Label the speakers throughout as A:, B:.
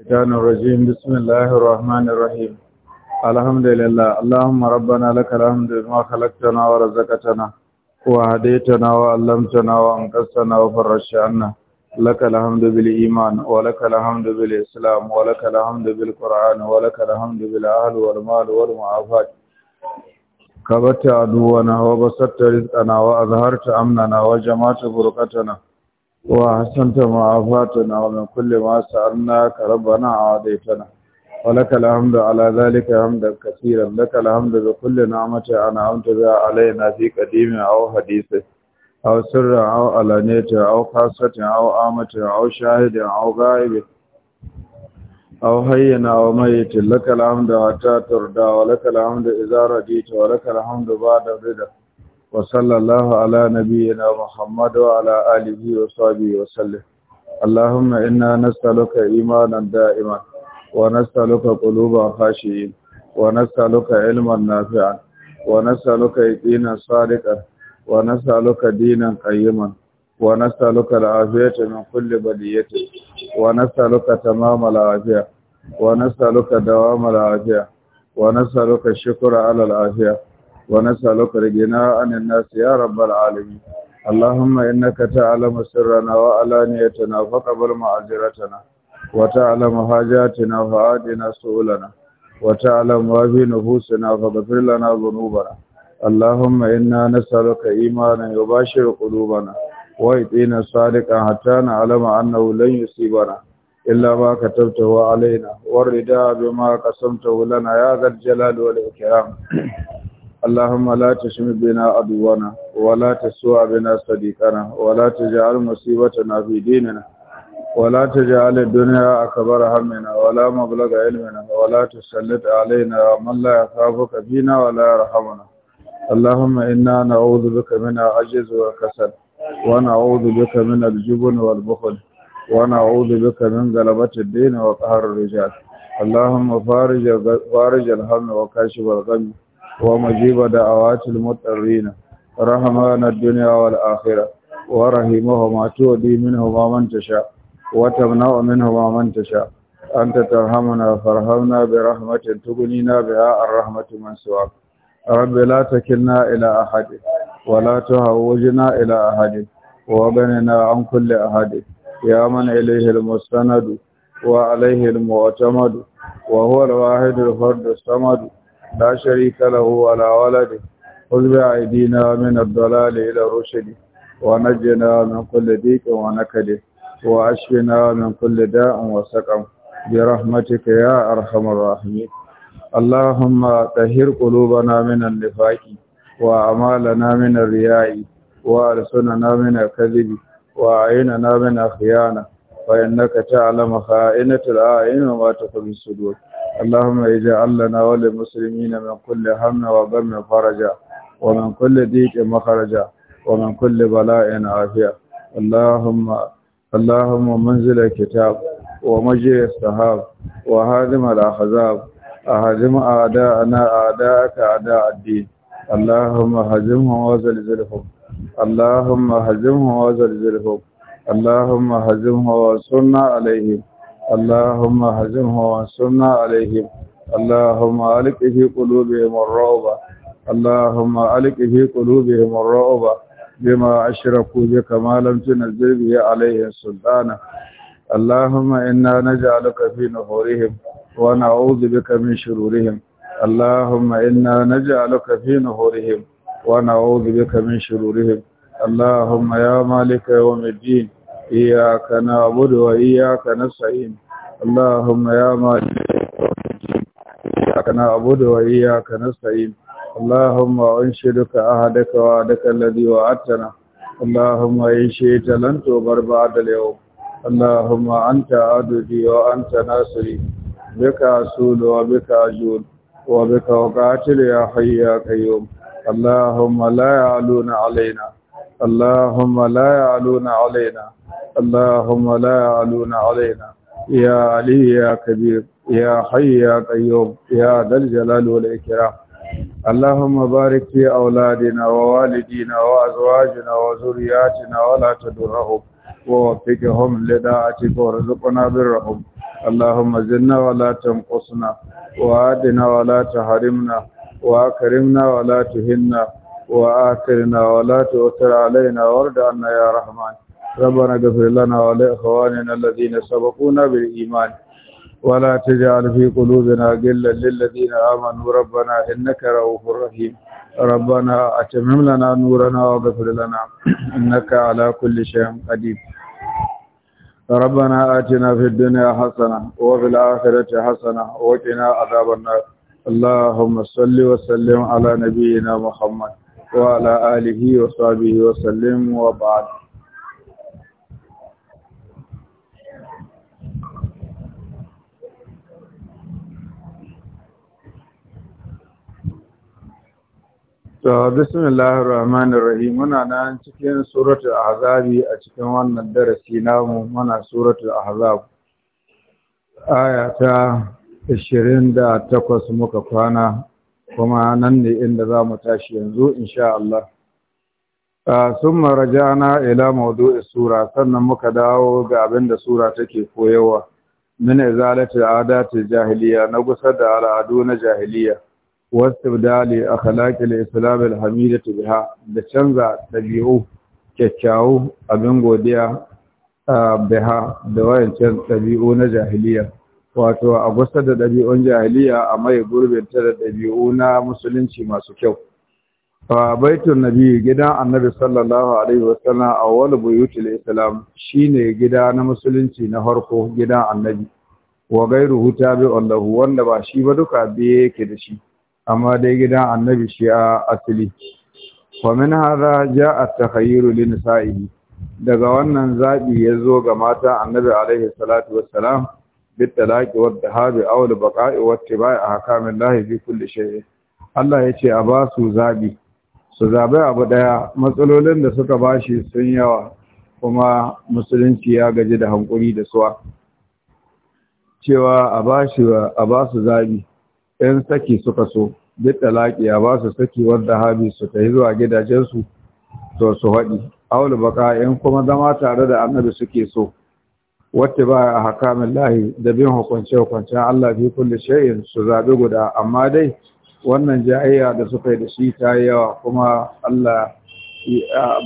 A: الشيطان الرجيم بسم الله الرحمن الرحيم الحمد لله اللهم ربنا لك الحمد ما خلقتنا ورزقتنا وهديتنا وعلمتنا وانقذتنا وفرجت لك الحمد بالإيمان ولك الحمد بالإسلام ولك الحمد بالقرآن ولك الحمد بالأهل والمال والمعافات كبت عدونا وبسطت رزقنا وأظهرت أمننا وجمعت بركتنا وحسنت معافاتنا ومن كل ما سألناك ربنا عاديتنا ولك الحمد على ذلك حمدا كثيرا لك الحمد بكل نعمة أنعمت بها علينا في قديم أو حديث أو سر أو علانية أو خاصة أو عامة أو شاهد أو غائب أو هين أو ميت لك الحمد حتى ترضى ولك الحمد إذا رجيت ولك الحمد بعد رضا وصلى الله على نبينا محمد وعلى آله وصحبه وسلم اللهم إنا نسألك إيمانا دائما ونسألك قلوبا خاشئين ونسألك علما نافعا ونسألك دينا صادقا ونسألك دينا قيما ونسألك العافية من كل بلية ونسألك تمام العافية ونسألك دوام العافية ونسألك الشكر على العافية ونسألك رجنا عن الناس يا رب العالمين اللهم إنك تعلم سرنا وعلانيتنا فقبل معذرتنا وتعلم حاجاتنا فعادنا سؤلنا وتعلم ما في نفوسنا فاغفر لنا ذنوبنا اللهم إنا نسألك إيمانا يباشر قلوبنا ويقينا صادقا حتى نعلم أنه لن يصيبنا إلا ما كتبته علينا والرداء بما قسمته لنا يا ذا الجلال والإكرام اللهم لا تشم بنا عدونا ولا تسوء بنا صديقنا ولا تجعل مصيبتنا في ديننا ولا تجعل الدنيا أكبر همنا ولا مبلغ علمنا ولا تسلط علينا من لا يخافك فينا ولا يرحمنا اللهم إنا نعوذ بك من العجز والكسل ونعوذ بك من الجبن والبخل ونعوذ بك من غلبة الدين وقهر الرجال اللهم فارج فارج الهم وكاشف الغم ومجيب دعوات المضطرين رحمن الدنيا والآخرة ورحمهما تودي منهما من تشاء وتمنع منهما من تشاء أنت ترحمنا فرحمنا برحمة تغنينا بها الرحمة من سواك رب لا تكلنا إلى أحد ولا تهوجنا إلى أحد وغننا عن كل أحد يا من إليه المستند وعليه المعتمد وهو الواحد الفرد الصمد لا شريك له ولا ولد خذ بأيدينا من الضلال إلى رشد ونجنا من كل ديك ونكد وأشفنا من كل داء وسقم برحمتك يا أرحم الراحمين اللهم تهر قلوبنا من النفاق وأعمالنا من الرياء وألسننا من الكذب وأعيننا من الخيانة فإنك تعلم خائنة الأعين وما تخبي الصدور اللهم اجعل لنا وللمسلمين من كل هم وغم فرجا ومن كل ضيق مخرجا ومن كل بلاء عافية اللهم اللهم منزل الكتاب ومجيء السحاب وهادم الأحزاب أهزم أعداءنا أعداءك أعداء الدين اللهم هزمهم وزلزلهم اللهم هزمهم وزلزلهم اللهم هزمهم وانصرنا عليهم اللهم هزمه وانصرنا عليهم اللهم ألق في قلوبهم الرعب اللهم ألق في قلوبهم الرعب بما أشركوا بك ما لم تنزل به عليهم سلطانا اللهم إنا نجعلك في نحورهم ونعوذ بك من شرورهم اللهم إنا نجعلك في نحورهم ونعوذ بك من شرورهم اللهم يا مالك يوم الدين إياك نعبد وإياك نستعين اللهم يا مالك إياك نعبد وإياك نستعين اللهم أنشدك أهدك وعدك الذي وعدتنا اللهم إن شئت لن تغبر بعد اليوم اللهم أنت عددي وأنت ناصري بك أسول وبك أجود وبك أقاتل يا حي يا قيوم اللهم لا يعلون علينا اللهم لا يعلون علينا اللهم لا يعلون علينا يا علي يا كبير يا حي يا قيوم يا ذا الجلال والإكرام اللهم بارك في أولادنا ووالدينا وأزواجنا وذرياتنا ولا تدرهم ووفقهم لداعتك وارزقنا برهم اللهم زدنا ولا تنقصنا وآدنا ولا تحرمنا وأكرمنا ولا تهنا وآكرنا ولا تؤثر علينا وارض عنا يا رحمن ربنا اغفر لنا ولإخواننا الذين سبقونا بالإيمان ولا تجعل في قلوبنا غلا للذين آمنوا ربنا إنك رؤوف رحيم ربنا أتمم لنا نورنا واغفر لنا إنك على كل شيء قدير ربنا آتنا في الدنيا حسنة وفي الآخرة حسنة وقنا عذاب النار اللهم صل وسلم على نبينا محمد وعلى آله وصحبه وسلم وبعد To, rahmanir rahim muna nan cikin suratul ahzabi a cikin wannan darasi namu muna suratul ahzab aya ta 28 muka kwana kuma nan ne inda zamu tashi yanzu insha Allah summa raja'na ila mawdu'i sura sannan muka dawo ga abinda sura take koyarwa min izalati adati jahiliya na gusa da al'adu na jahiliya واستبدال أخلاق الإسلام الحميدة biha da canza ɗabi'u kyakkyawu abin godiya biha da wayancan ɗabi'u na jahiliya wato a gusa da ɗabi'un jahiliya a mai gurbinta da ɗabi'u na musulunci masu kyau A baitun nabi gidan annabi sallallahu alaihi wasallam wani buyutun islam shine gida na musulunci na harko, gidan annabi wa gairuhu tabi'un wanda ba shi ba duka biye yake da shi amma dai gidan annabi shi a asali wa min hadha ja'a at-takhayyur li daga wannan zabi yazo ga mata annabi alaihi salatu wassalam bit talaqi wa dhahabi aw al baqa'i wat tibai ahkamillahi fi kulli shay'in Allah yace a ba su zabi su zabi abu daya matsalolin da suka bashi sun yawa kuma musulunci ya gaji da hankuri da suwa cewa a ba su zabi yan saki suka so duk talaki a ba su saki wadda habi su ta yi zuwa gidajensu to su haɗi aulu baka 'yan kuma zama tare da annabi suke so wata ba a min lahi da bin hukunce hukuncen Allah fi kulle shayin su zaɓi guda amma dai wannan jayayya da suka yi da shi ta yi yawa kuma Allah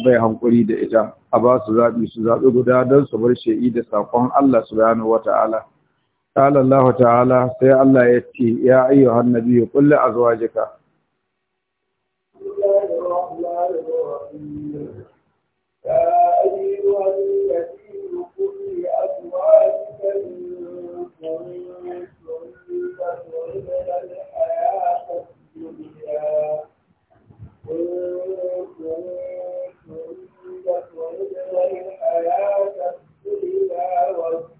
A: bai hankuri da ita a ba su zaɓi su zaɓi guda don su bar shi'i da saƙon Allah subhanahu wata'ala qala Allah ta'ala sai Allah ya ce ya ayyuhan nabiyyu qul li azwajika Thank you.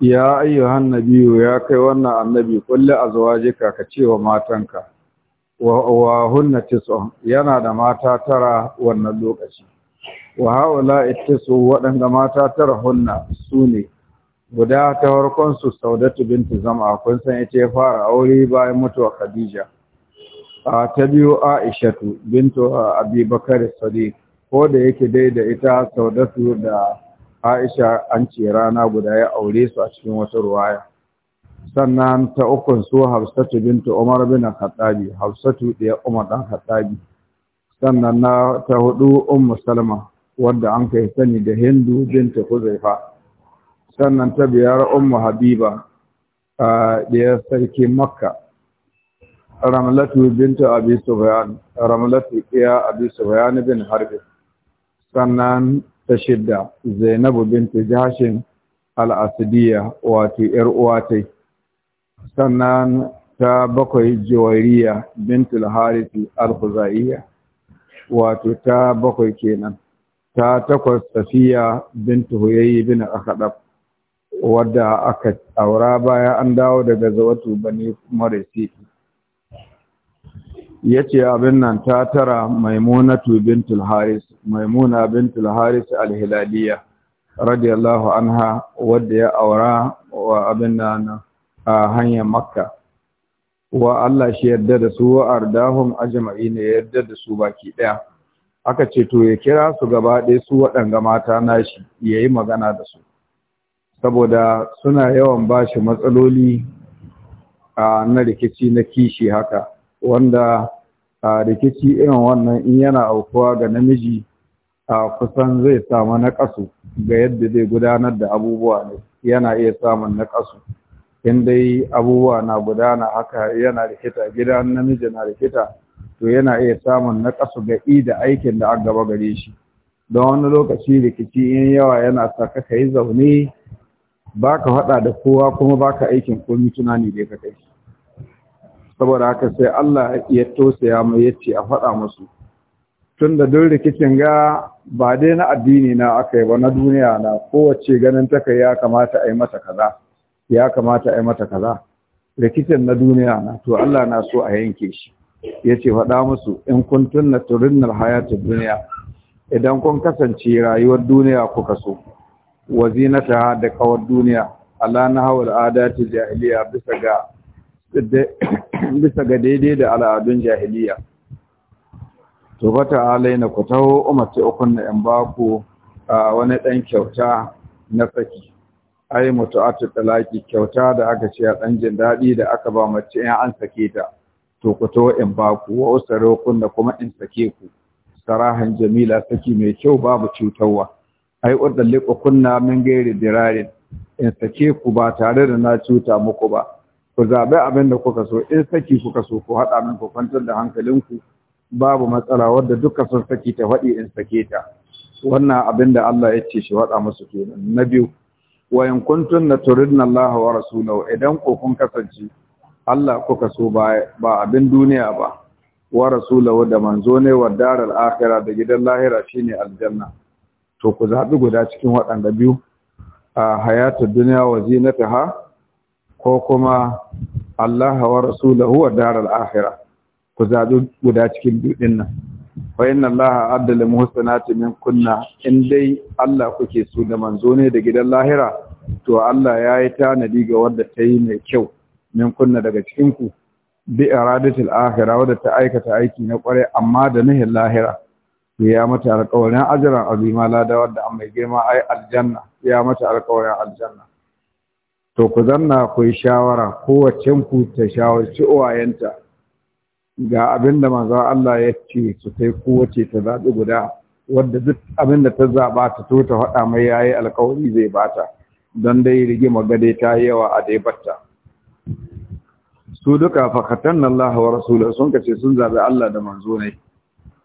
A: ya ayyuhan nabiyyu ya kai wannan annabi kulli azwajika ka ce wa matanka wa hunna tis'un yana da mata tara wannan lokaci wa haula ittisu waɗanda mata tara hunna sune guda ta farkon su saudatu binti zama kun san ita ya fara aure bayan mutuwa khadija a ta biyu aishatu bintu abubakar sadiq ko da yake dai da ita saudatu da aisha an ce rana guda ya aure su a cikin wata ruwaya sannan ta ukun su hafsatu bintu umar bin khattabi hafsatu da umar dan khattabi sannan na ta hudu ummu salma wadda an kai sani da hindu bintu huzaifa sannan ta biyar ummu habiba da sarki makka ramlatu bintu abi sufyan ramlatu iya abi sufyan bin harbi sannan ta shidda zainabu binta jashin al'asidiya wato ‘yar uwa ta sannan ta bakwai jawariya bintul harisi al wato ta bakwai kenan ta takwas safiya bintu huyayi bin akadab wadda aka aura baya an dawo daga zawatu bani marisi ya ce abin nan ta tara maimunatu bintul haris maimuna bintul haris alhilaliya radiyallahu anha wadda ya aura wa abin nan a hanyar makka wa Allah shi yadda da su ardahum ajma'i ne yadda da su baki daya aka ce to ya kira su gaba ɗaya su waɗanga mata nashi yi magana da su saboda suna yawan bashi matsaloli na rikici na kishi haka wanda a rikici irin wannan in yana aukuwa ga namiji a kusan zai samu ƙasu ga yadda zai gudanar da abubuwa ne yana iya samun ƙasu in dai abubuwa na gudana haka yana rikita gidan namiji na rikita to yana iya samun naƙasu ga i da aikin da aka gaba gare shi don wani lokaci rikici in yawa yana sa ka yi zaune ba ka faɗa da kowa kuma ba ka aikin komi tunani da ka kai saboda haka sai Allah ya tosaya mu yace a faɗa musu tunda duk rikicin ga ba dai na addini na aka yi ba na duniya na kowace ganin kai ya kamata a yi mata kaza ya kamata a yi mata kaza rikicin na duniya na to Allah na so a yanke shi yace faɗa musu in kun tunna naturinnal hayatid duniya idan kun kasance rayuwar duniya kuka so wazinata da kawar duniya Allah na hawal adati jahiliya bisa ga bisa ga daidai da al'adun jahiliya to ba ta alaina ku taho umarci ukun na 'yan ba ku wani ɗan kyauta na saki ai mutu'atu talaki kyauta da aka ce a ɗan jin daɗi da aka ba mace in an sake ta to ku taho in ba ku wa kunna kuma in sake ku sarahan jamila saki mai kyau babu cutarwa ai udalliku kunna min gairi dirarin in sake ku ba tare da na cuta muku ba ku zaɓi abin da kuka so in saki kuka so ku haɗa min ku kwantar da hankalinku babu matsala wadda duka sun saki ta faɗi in sake ta wannan abin da Allah ya ce shi faɗa musu kenan na biyu wa in kuntum na turidna Allah wa rasulahu idan ko kun kasance Allah kuka so ba abin duniya ba wa rasulahu da manzo ne wa daral akhirah da gidan lahira shine aljanna to ku zaɓi guda cikin waɗanda biyu a hayatar duniya wa zinataha ko kuma Allah wa rasulahu wa daral akhirah ku zabi guda cikin dudin nan fa inna Allah A lil min kunna in dai Allah kuke so da manzo ne da gidan lahira to Allah ya yayi tanadi ga wanda ta yi mai kyau min kunna daga cikin ku bi iradatil akhirah ta aikata aiki na kware amma da nahin lahira ya mata alƙawarin ajran azima da wanda amma mai girma ai aljanna ya mata alƙawarin aljanna to ku zanna ku yi shawara wacce ku ta shawarci uwayenta ga abinda da manzo Allah ya ce su sai kowace ta zaɓi guda wadda duk abin da ta zaɓa ta to ta faɗa mai yayi alƙawari zai bata don dai rigima gade ta yawa a dai batta su duka fakatan Allah wa rasuluhu sun kace sun zaɓi Allah da manzo ne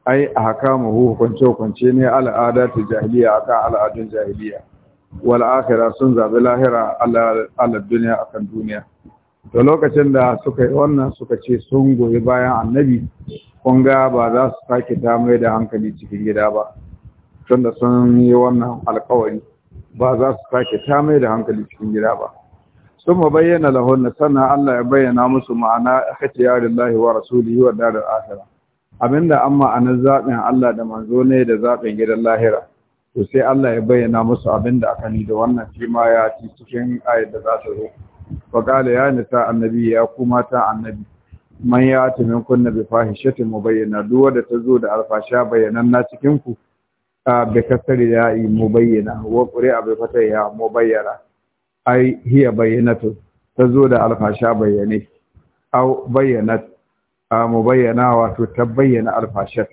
A: ai a hukunce hukunce ne al'ada ta jahiliya akan al'adun jahiliya wal akhirah sun zaɓi lahira ala duniya akan duniya to lokacin da suka yi wannan suka ce sun goyi bayan annabi kun ga ba za su sake ta mai da hankali cikin gida ba tunda sun yi wannan alkawari ba za su sake ta mai da hankali cikin gida ba sun ma bayyana lahunna sannan Allah ya bayyana musu ma'ana kace ya wa rasulihi wa darul akhirah abinda amma ma'anar zaɓin Allah da manzo ne da zaɓin gidan lahira to sai Allah ya bayyana musu abin da aka ni da wannan shi ma ya ci cikin ayat da za ta zo fa qala ya nisa annabi ya ku mata annabi man ya ta min kunna bi mu mubayyana duk da ta zo da alfasha bayanan na cikin ku bi kasari ya yi mubayyana wa qur'a bi fataya mubayyana ai hiya bayyanatu ta zo da alfasha bayyane au bayyanat mu bayyana wato ta bayyana alfashar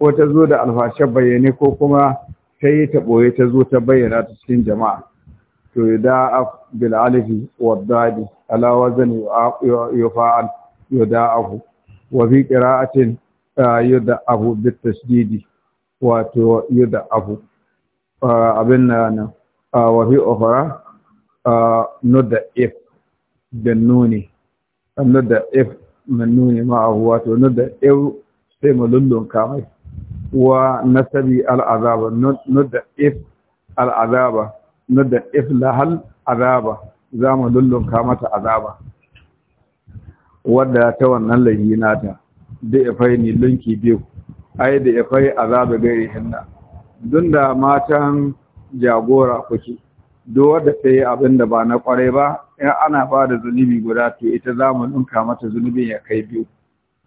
A: ko ta zo da alfashar bayyane ko kuma ta yi ta ɓoye ta zo ta bayyana ta cikin jama'a to yi da a bil'alifi wa dadi ala wazan yufa'al yuda'ahu wa fi a yuda'ahu bit tasdidi wato yuda'ahu abin nan wa fi da if da nuni if min nuni ma'ahu wato nuda'if sai mu kamai wa nasabi al'azaba nudda if al'azaba nudda if hal azaba za mu lullunka mata azaba wadda ta wannan layi nata da ifai ne lunki biyu ai da ifai azaba gari hinna dun da matan jagora kuke duk wadda ta yi ba na kwarai ba in ana ba da zunubi guda to ita za mu lunka mata zunubin ya kai biyu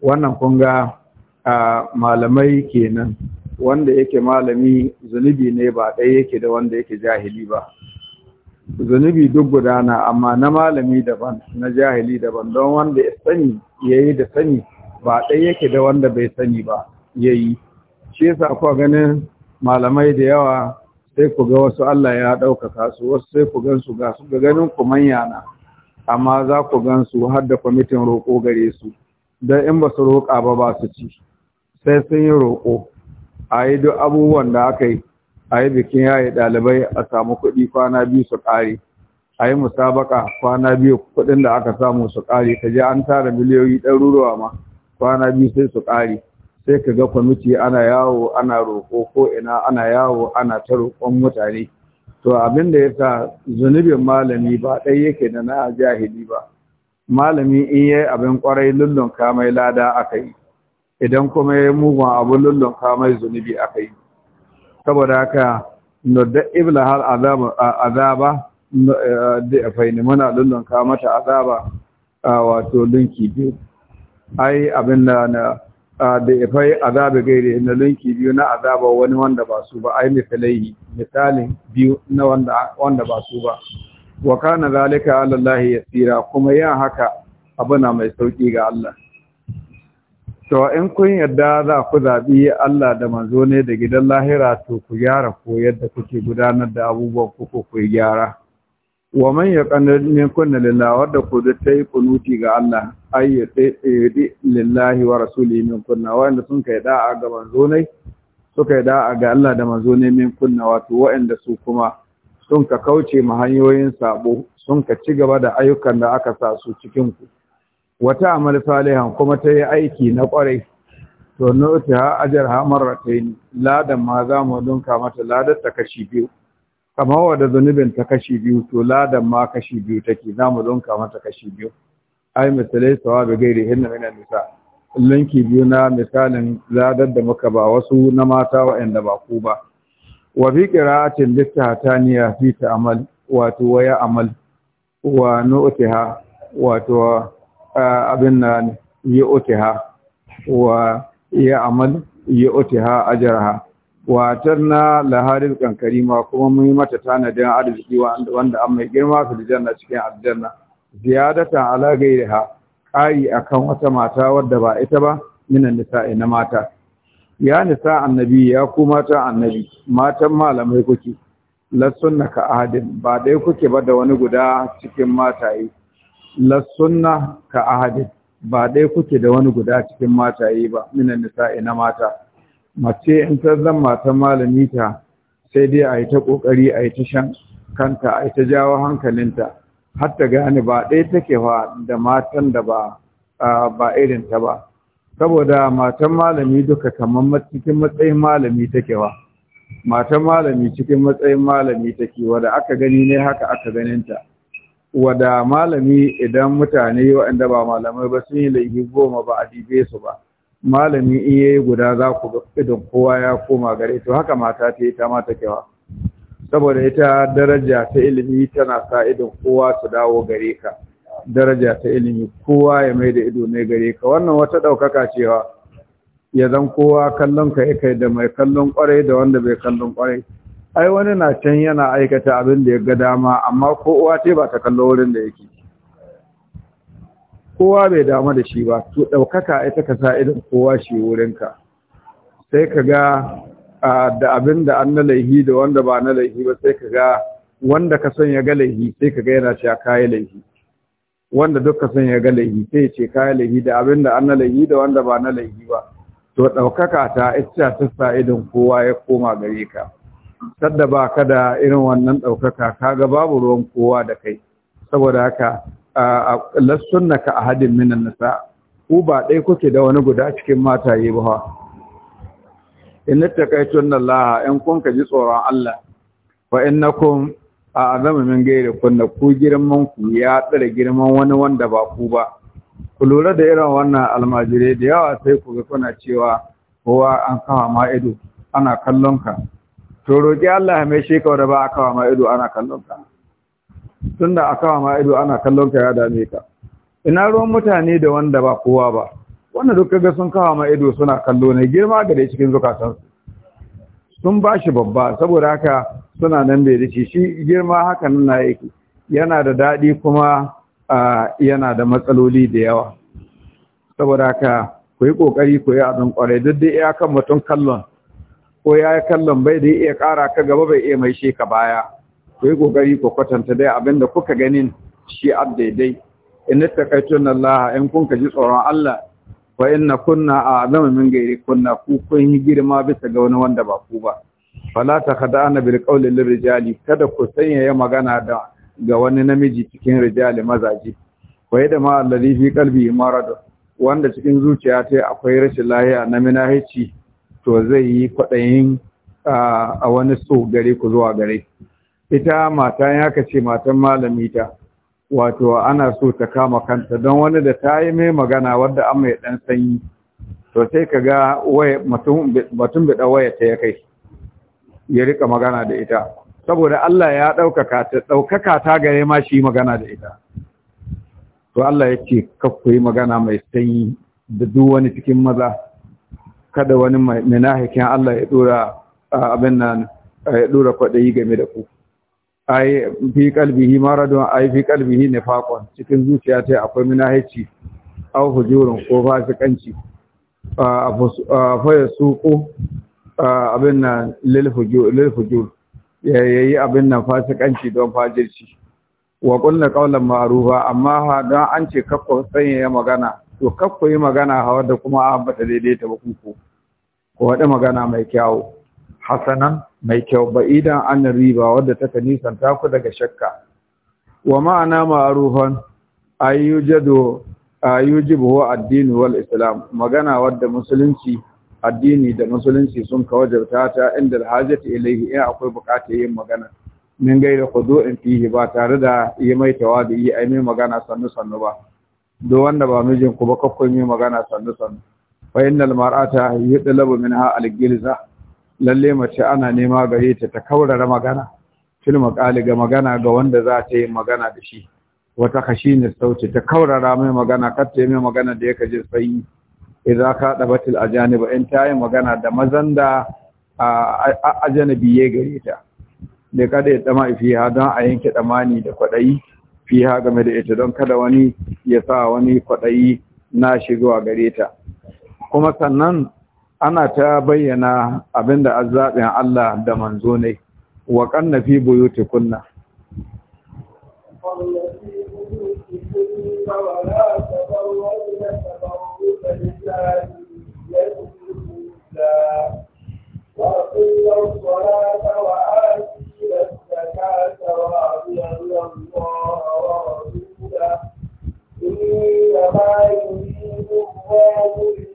A: wannan kun ga A malamai kenan wanda yake malami zunubi ne ba ɗaya yake da wanda yake jahili ba zunubi duk gudana amma na malami daban na jahili daban don wanda ya sani ya yi da sani ba ɗaya yake da wanda bai sani ba ya yi shi yasa kuwa ganin malamai da yawa sai ku ga wasu Allah ya ɗaukaka su wasu sai ku gan ga su ga ganin ku manya na amma za ku gan har da kwamitin roƙo gare su don in ba su roƙa ba ba su ci sai sun yi roƙo a yi duk abubuwan da aka yi a yi bikin yaye ɗalibai a samu kuɗi kwana biyu su ƙare a yi musabaka kwana biyu kuɗin da aka samu su ƙare ka je an tara miliyoyi ɗaruruwa ma kwana biyu sai su ƙare sai ka ga kwamiti ana yawo ana roƙo ko ina ana yawo ana ta roƙon mutane to abin da ya sa zunubin malami ba ɗaya yake da na jahili ba malami in yi abin ƙwarai lullun kamai lada aka yi idan kuma ya mugun abu lullun kamar zunubi aka yi saboda haka nodda ibla har azaba eh, da ya faini muna lullun mata azaba wato lunki biyu ai abin da na da ya fai azaba gaire na lunki biyu na azaba wani wanda ba su ba ai misalai misalin biyu na wanda ba su ba wa kana zalika alallahi yasira kuma yin haka abu na mai sauki ga Allah so in kun yadda za ku zaɓi Allah da manzo ne da gidan lahira to ku gyara ko yadda kuke gudanar da abubuwan ku ko ku gyara wa man kun na lillah wadda ku da tayi kunuti ga Allah ay yadi lillahi wa rasulihi minkum wanda sun kai da'a ga manzo ne suka da'a ga Allah da manzo ne kunna. wato wa'anda su kuma sun ka kauce ma hanyoyin sabo sun ka ci gaba da ayyukan da aka sa su cikin ku wata amal salihan kuma ta yi aiki na kwarai to nutiha ajrha marratayn ladan ma za mu dunka mata ladar ta kashi biyu kamar da zunubin ta kashi biyu to ladan ma kashi biyu take za mu dunka mata kashi biyu ai misalai sawabi gairi hinna mina nisa linki biyu na misalin ladar da muka ba wasu na mata waɗanda ba ku ba wa fi qira'atin bitataniya fi ta'amal wato waya amal wa ha wato abin nan Oti otiha wa yi amal ya otiha ajraha wa na laharin kan karima kuma mun yi mata tanadin arziki wanda an mai girma su janna cikin aljanna ziyadata ala ha! ƙari akan wata mata wadda ba ita ba minan nisa na mata ya nisa annabi ya ku mata annabi matan malamai kuke na ka ahadin ba ɗaya kuke ba da wani guda cikin mataye lassunna ka ahadi ba ɗaya kuke da wani guda cikin mataye ba minan nisa'i na mata mace in ta zan mata malami ta sai dai a yi ta kokari a yi ta shan kanta a yi ta jawo hankalinta har ta gane ba ɗaya take fa da matan da ba ba irin ta ba saboda matan malami duka kamar cikin matsayin malami take wa matan malami cikin matsayin malami take da aka gani ne haka aka ganin ta wada malami idan mutane waɗanda ba malamai ba sun yi laifi goma ba a dibe su ba malami in yayi guda za ku idan kowa ya koma gare to haka mata ta yi ta mata kyawa saboda ita daraja ta ilimi tana sa idan kowa su dawo gare ka daraja ta ilimi kowa ya mai da ido ne gare ka wannan wata ɗaukaka cewa ya zan kowa kallon ka ya kai da mai kallon kwarai da wanda bai kallon kwarai ai wani na can yana aikata abin da ya ga dama amma ko uwa ce ba ta kallo wurin da yake kowa bai damu da shi ba to ɗaukaka ita ka sa idan kowa shi wurinka sai ka ga da abin da an na laihi da wanda ba na laihi ba sai ka ga wanda ka son ya ga laihi sai ka ga yana cewa kayi laihi wanda duk ka son ya ga laihi sai ya ce kayi laihi da abin da an na laihi da wanda ba na laihi ba to ɗaukaka ta ita ta sa idan kowa ya koma gare ka tadda ba ka da irin wannan ɗaukaka kaga babu ruwan kowa da kai saboda haka a lassunna ka hadin minan nasa ku ba ɗai kuke da wani guda cikin mataye ba in takaitun Allah in kun ka ji tsoron Allah fa kun, a azama min gaira kunna ku girman ku ya tsare girman wani wanda ba ku ba ku lura da irin wannan almajirai da yawa sai ku ga kuna cewa kowa an kama ma ana kallon ka to roƙi Allah mai shi kawai da ba a wa ido ana kallon ka da a kawo ido ana kallon ka ya dame ka ina ruwan mutane da wanda ba kowa ba wanda duk ga sun kawo ma suna kallo ne girma gare cikin zukatansu. sun ba shi babba saboda haka suna nan bai dace shi girma haka nan na yake yana da daɗi kuma yana da matsaloli da yawa saboda haka ku yi ƙoƙari ku yi abin ƙwarai duk da kan mutum kallon ko ya yi kallon bai da iya kara ka gaba bai iya mai she ka baya ku yi ƙoƙari ku kwatanta dai abin da kuka ganin shi ab daidai in ta kaitun Allah in kun ka ji tsoron Allah wa na kunna a zama min gairi kunna ku kun yi girma bisa ga wani wanda ba ku ba fala ta ana bil rijali kada ku sanya ya magana da ga wani namiji cikin rijali mazaji wa yadda ma alladhi fi qalbi wanda cikin zuciya ta akwai rashin lahiya na minahici to zai yi kwaɗayin a wani so gare ku zuwa gare ita mata ya ka ce matan malami wato ana so ta kama kanta don wani da ta yi mai magana wadda an mai ɗan sanyi to sai ka ga mutum biɗa waya ta ya kai ya rika magana da ita saboda Allah ya ɗaukaka ta ɗaukaka ta gare ma shi magana da ita to Allah ya ce kakku magana mai sanyi da duk wani cikin maza kada wani mai munafikin Allah ya dora abin nan ya dora kwadayi game da ku ai fi kalbihi maradun ai fi qalbihi nifaqun cikin zuciya ta akwai munahici au hujurun ko fasikanci fa yasuqu abin nan lil hujur lil hujur yayi abin nan fasikanci don fajirci wa qulna qawlan ma'rufa amma ha don an ce kakko sanya magana to kakko yi magana ha wanda kuma a ambata daidaita ba kuku ko wada magana mai kyau hasanan mai kyau ba idan an riba wadda taka nisanta ku daga shakka wa ma'ana ma'arufan ayyujadu ayyujibu addini wal islam magana wadda musulunci addini da musulunci sun kawajarta ta inda ta ilaihi in akwai bukatar yin magana min gaira in fihi ba tare da yi mai tawadi yi ai magana sannu sannu ba do wanda ba mijin ku ba kakkon yi magana sannu sannu fa innal mar'ata yudlabu minha al-gilza lalle mace ana nema gare ta ta kaurara magana fil maqali ga magana ga wanda za ta yi magana da shi wata khashina sauti ta kaurara mai magana kar ta yi mai magana da yake jin sai idza ka dabatil ajaniba in ta yi magana da mazan da ajanabi ya gare ta da kada ya dama fiha don a yanke tsamani da kwadayi fiha game da ita don kada wani ya sa wani kwadayi na shigowa gare ta kuma sannan ana ta bayyana abinda azabin Allah da manzo ne wa kanna fi buyutikunna
B: Thank you.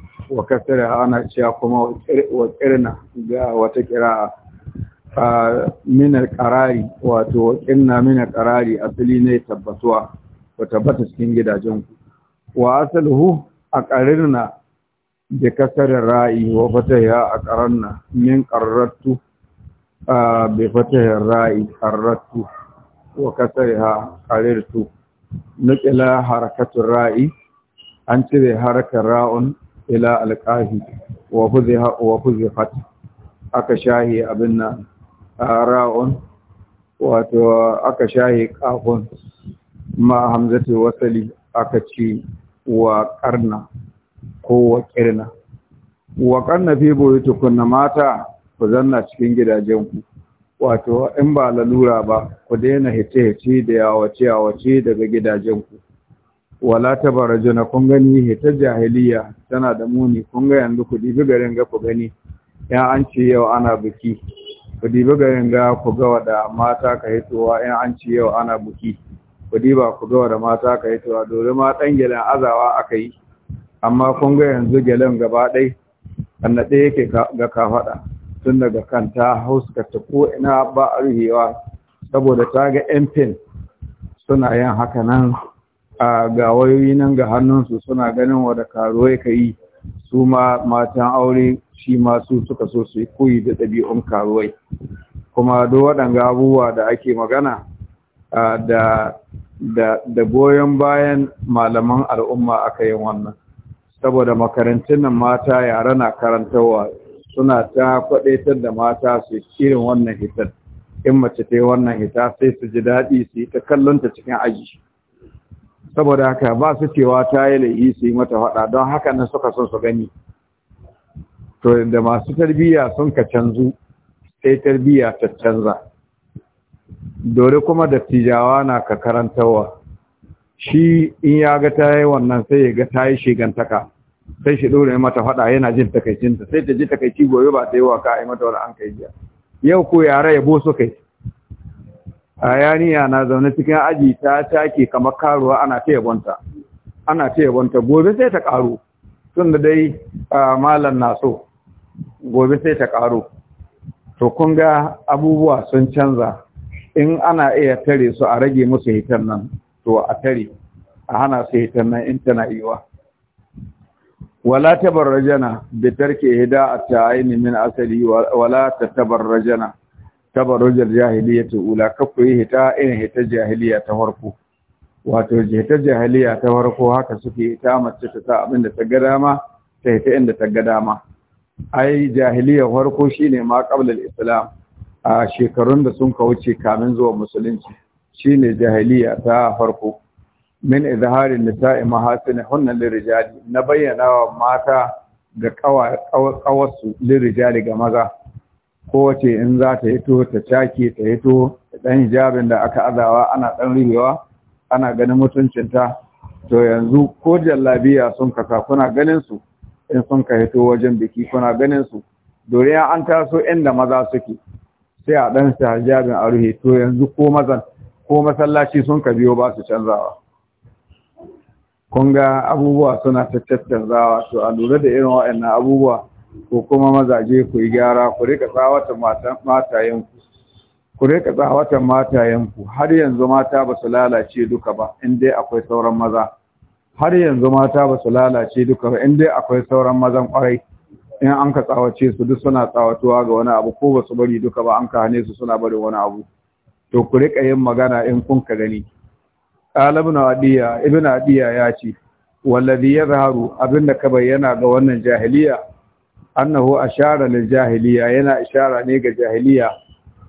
A: wa kasara ana cewa kuma wa kirna ga wata a minar karari wato wa kirna minar karari asali ne tabbatuwa ko tabbata cikin gidajen ku wa asaluhu a karirna da kasarar ra'i wa fataya a karanna min karrattu bai fatayar ra'i karrattu wa kasariha karirtu nukila harakatun ra'i an cire harakar ra'un ila alqahi wa huziha wa huzifat aka shahi abin nan ra'un wato aka shahi qafun ma hamzatu wasali aka ci wa qarna ko wa qirna wa qarna fi buyutukunna mata ku zanna cikin gidajenku wato in ba lalura ba ku daina hice-hice da yawace-yawace daga gidajenku wala na kun gani ta jahiliya tana da muni kun ga yanzu ku dibi garin ga ku gani ya an ce yau ana buki ku dibi garin ga ku ga wada mata ka hitowa ya an ce yau ana buki ku diba ku ga wada mata ka hitowa dole ma dan gelan azawa aka yi amma kun ga yanzu gelan gaba dai annaɗe yake ga kafaɗa tun daga kanta ta ko ina ba a saboda ta ga empin suna yin haka nan a ga wayoyi nan ga hannunsu suna ganin wadda karo ka yi su ma matan aure shi ma su suka so su yi koyi da ɗabi'un karuwai kuma duk waɗanga abubuwa da ake magana da da goyon bayan malaman al'umma aka yin wannan saboda makarantun nan mata yara na karantarwa suna ta kwaɗaitar da mata su irin wannan hitar in mace ta yi wannan hita sai su ji daɗi su yi ta kallonta cikin aji saboda haka ba su cewa ta yi laifi su yi mata faɗa don haka nan suka son su gani to da masu tarbiyya sun ka canzu sai tarbiyya ta canza dore kuma dattijawa na ka karantawa shi in ya ga ta yi wannan sai ya ga ta yi shigantaka sai shi ɗore mata faɗa yana jin takaicinta sai ta ji takaici gobe ba ta yi wa ka yi mata wani an kai jiya yau ko yara yabo su kai a na zaune cikin aji ta take kamar karuwa ana ta yabonta ana ta yabonta gobe sai ta karu tun da dai malam na so gobe sai ta karu to kun ga abubuwa sun canza in ana iya tare su a rage musu hitan nan to a tare a hana su hitan nan in tana iwa wala tabarrajana bi tarki hida'at ta'ayni min asali wala tatabarrajana jahiliya ta ula kafu yi hita ina hita jahiliya ta farko wato hita jahiliya ta farko haka suke hita mace ta sa abin da ta ga dama ta hita inda ta ga dama ai jahiliya farko shine ma qabla islam a shekarun da sun wuce kamin zuwa musulunci shine jahiliya ta farko min izhari nisa'i hunnan lirijali na bayyana wa mata ga kawa kawarsu lirijali ga maza kowace in za ta hito ta cake ta hito dan hijabin da aka azawa ana ɗan ribewa ana ganin mutuncinta to yanzu ko jallabiya sun kasa kuna ganin su in sun ka hito wajen biki kuna ganin su doriya an taso inda maza suke sai a dan sa hijabin a ruhe to yanzu ko mazan ko masallaci sun ka biyo ba su canzawa kun ga abubuwa suna ta canzawa to a lura da irin waɗannan abubuwa ko kuma mazaje ku yi gyara ku rika tsawatan matayenku ku rika tsawatan matayenku har yanzu mata ba su lalace duka ba in dai akwai sauran maza har yanzu mata ba su lalace duka ba in dai akwai sauran mazan kwarai in an ka tsawace su duk suna tsawatuwa ga wani abu ko ba su bari duka ba an ka hane su suna bari wani abu to ku rika yin magana in kun ka gani qalibun adiya ibn adiya ya ce wallazi yazharu abinda ka bayyana ga wannan jahiliya annahu ashara lil jahiliya yana ishara ne ga jahiliya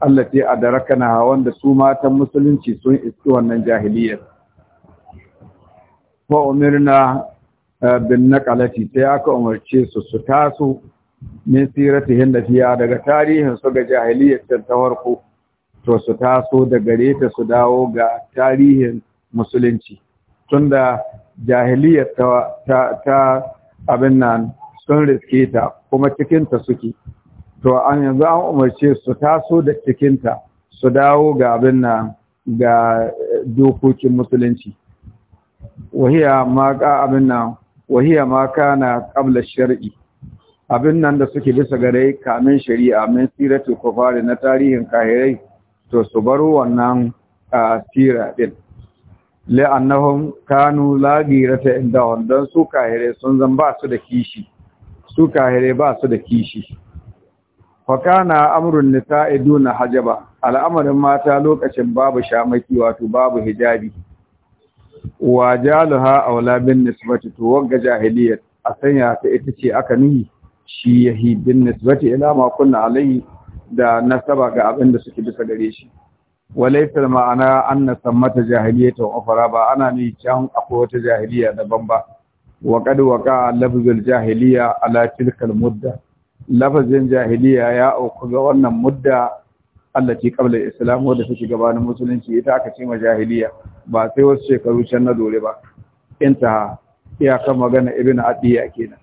A: allati adrakana wanda su matan musulunci sun iski wannan jahiliyar wa umirna eh, bin naqalati sai aka umarce su su taso min siratihin da fiya daga tarihin su ga jahiliyar ta to su taso da gare ta su dawo ga tarihin musulunci tunda jahiliyar ta ta abin nan sun riske ta kuma cikinta suke to an yanzu an umarce su taso da cikinta su dawo ga abin nan ga dokokin musulunci wahiya ma ka abin nan wahiya ma kana qabla shar'i abin nan da suke bisa gare kamin shari'a min siratu kufari na tarihin kahirai to su baro wannan sira din la'annahum kanu lagirata inda don su kahire sun zan ba su da kishi su kahire ba su da kishi fakana amrun nisa'i duna hajaba al'amarin mata lokacin babu shamaki wato babu hijabi wa jaluha awla bin nisbati to wagga jahiliyyat a sanya ta ita ce aka nuhi shi yahi bin nisbati ila ma kunna alai da nasaba ga abin da suke bisa gare shi walaysa ma'ana anna sammata jahiliyyatu ufara ba ana ni can akwai wata jahiliyya daban ba wa qad waqa lafzul jahiliya ala tilka mudda lafazin jahiliya ya auku ga wannan mudda allati qabla islam wadda take gabanin musulunci ita aka ce ma jahiliya ba sai wasu shekaru can na dole ba inta iyakar magana ibn adiya kenan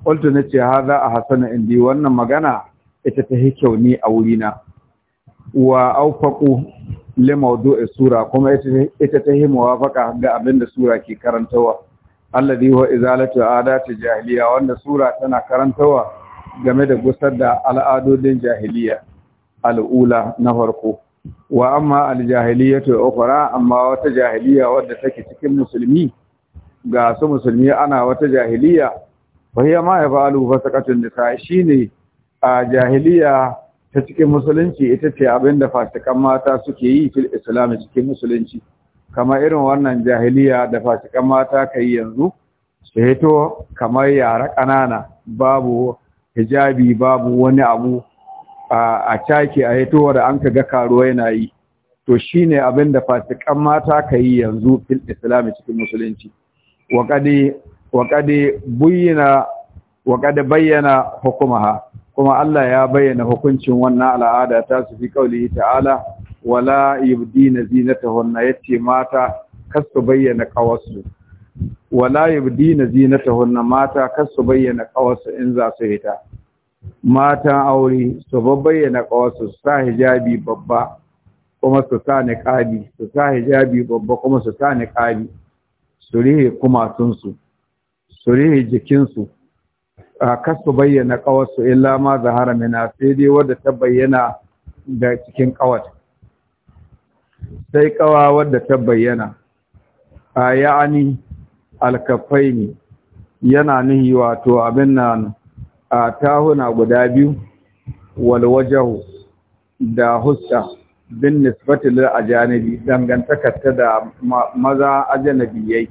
A: qultu nace hadha ahsanu indi wannan magana ita ta hi kyau ni a wurina wa aufaqu li mawdu'i sura kuma ita ta hi muwafaqa ga abin da sura ke karantawa alladhi huwa izalatu adati jahiliya wanda sura tana karantawa game da gusar da al'adodin jahiliya al'ula na farko wa amma yi ukhra amma wata jahiliya wadda take cikin musulmi ga su musulmi ana wata jahiliya wahiya ma ya fa'alu fasaqatun nisa shine a jahiliya ta cikin musulunci ita ce abinda fasikan mata suke yi fil islam cikin musulunci Kama irin wannan jahiliya da fasikan mata ka yi yanzu su hito kamar yara ƙanana babu hijabi babu wani abu a caki a hitowa da an ka ga karuwa yana yi to shi ne abin da fasikan mata ka yi yanzu fil islami cikin musulunci waƙade bayyana hukumaha kuma Allah ya bayyana hukuncin wannan al'ada ta su fi ta'ala wala yubdina zinatahunna yace mata kasu bayyana kawarsu wala yubdina zinatahunna mata kasu bayyana kawarsu in za su hita matan aure su bayyana kawarsu su sa hijabi babba kuma su sa niqabi su sa hijabi babba kuma su sa niqabi su rihe kumatunsu su su rihe jikinsu a kasu bayyana kawarsu illa ma zahara mina sai dai wanda ta bayyana da cikin kawata sai ƙawa wadda ta bayyana a ya'ani ne, yana nihi wato abin nan a tahuna guda biyu walwajahu da husta bin nisbati lil dangantaka dangantakarta da maza ajanabiyai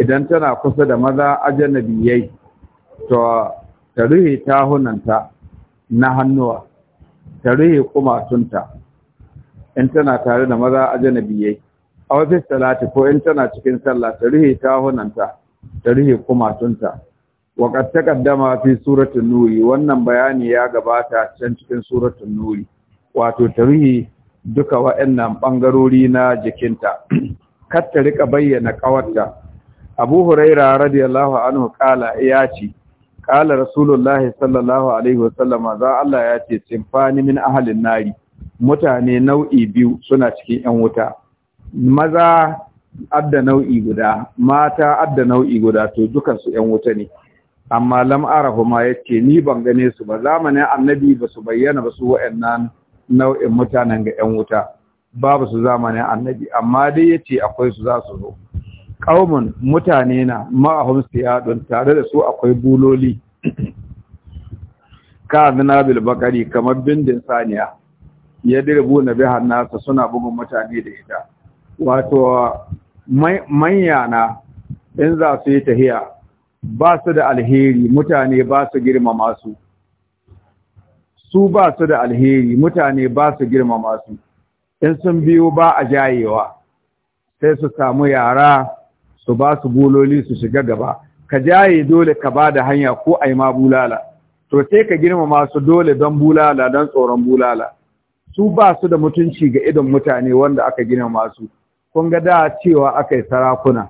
A: idan tana kusa da maza ajanabiyai to ta ruhe tahunanta na hannuwa ta ruhe kumatunta in tana tare da maza ajnabiyai a wasu salati ko in tana cikin sallah ta rihe hunanta ta rihe kumatunta wa qad taqaddama fi suratun nuri wannan bayani ya gabata can cikin suratun nuri wato ta rihe duka wa'annan ɓangarori na jikinta kar ta rika bayyana kawarta Abu Huraira radiyallahu anhu kala ya ce kala Rasulullahi sallallahu alaihi wasallama za Allah ya ce simfani min ahalin nari mutane nau'i biyu suna cikin 'yan wuta maza adda nau'i guda mata adda nau'i guda to dukansu 'yan wuta ne amma lam'arahu ma ce ni ban gane su ba zamanin annabi ba su bayyana ba su wa'annan nau'in mutanen ga 'yan wuta babu su zamanin annabi amma dai ya ce akwai su za su zo ƙaumin mutane na ma'ahun siyaɗun tare da su akwai buloli ka zina bil bakari kamar bindin saniya ya dirbu na bi hannasa suna bugun mutane da ita wato manya na in za su yi tahiya ba su da alheri mutane ba su girmama su su ba su da alheri mutane ba su girmama su in sun biyo ba a jayewa sai su samu yara su ba su buloli su shiga gaba ka jaye dole ka ba da hanya ko a yi ma bulala to sai ka girmama su dole don bulala don tsoron bulala su ba su da mutunci ga idon mutane wanda aka gina masu kun ga da cewa aka yi sarakuna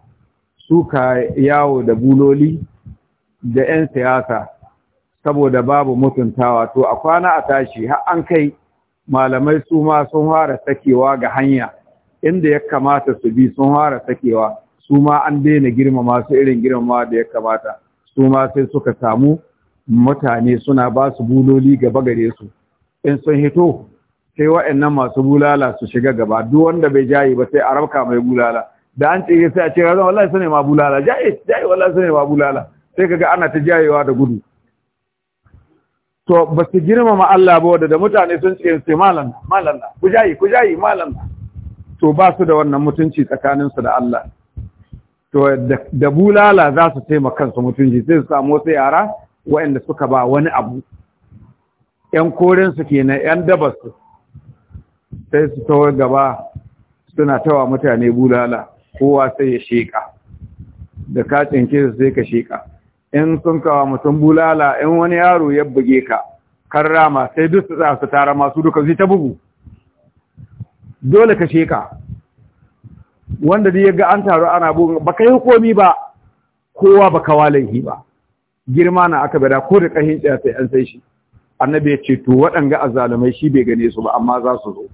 A: su ka yawo da buloli da 'yan siyasa saboda babu mutuntawa to a kwana a tashi har an kai malamai su ma sun fara sakewa ga hanya inda ya kamata su bi sun fara sakewa su ma an daina girmama su irin girmama da ya kamata su ma sai suka samu mutane suna ba su buloli gaba gare su in sun hito sai wa'annan masu bulala su shiga gaba duk wanda bai jayi ba sai a mai bulala da an ce sai a ce razan wallahi sune ma bulala jayi jayi wallahi sune ma bulala sai kaga ana ta jayewa da gudu to ba su girmama Allah ba da mutane sun ce sai malam malam ku jayi ku jayi malam to ba su da wannan mutunci tsakaninsu da Allah to da bulala za su taimaka kansu mutunci sai su samu wasu yara wa'inda suka ba wani abu ‘yan korinsu kenan ‘yan dabarsu sai su tawar gaba suna tawa mutane bulala kowa sai ya sheka da katin kesa sai ka sheka in sun kawa mutum bulala in wani yaro ya buge ka kan rama sai duk su su tara masu duka zai ta bugu dole ka sheka wanda zai ya ga an taru ana bugun ba ka yi komi ba kowa ba kawa laifi ba girma na aka bada ko da kahin tsaye sai an sai shi annabi ya ce to waɗanga azzalumai shi bai gane su ba amma za su zo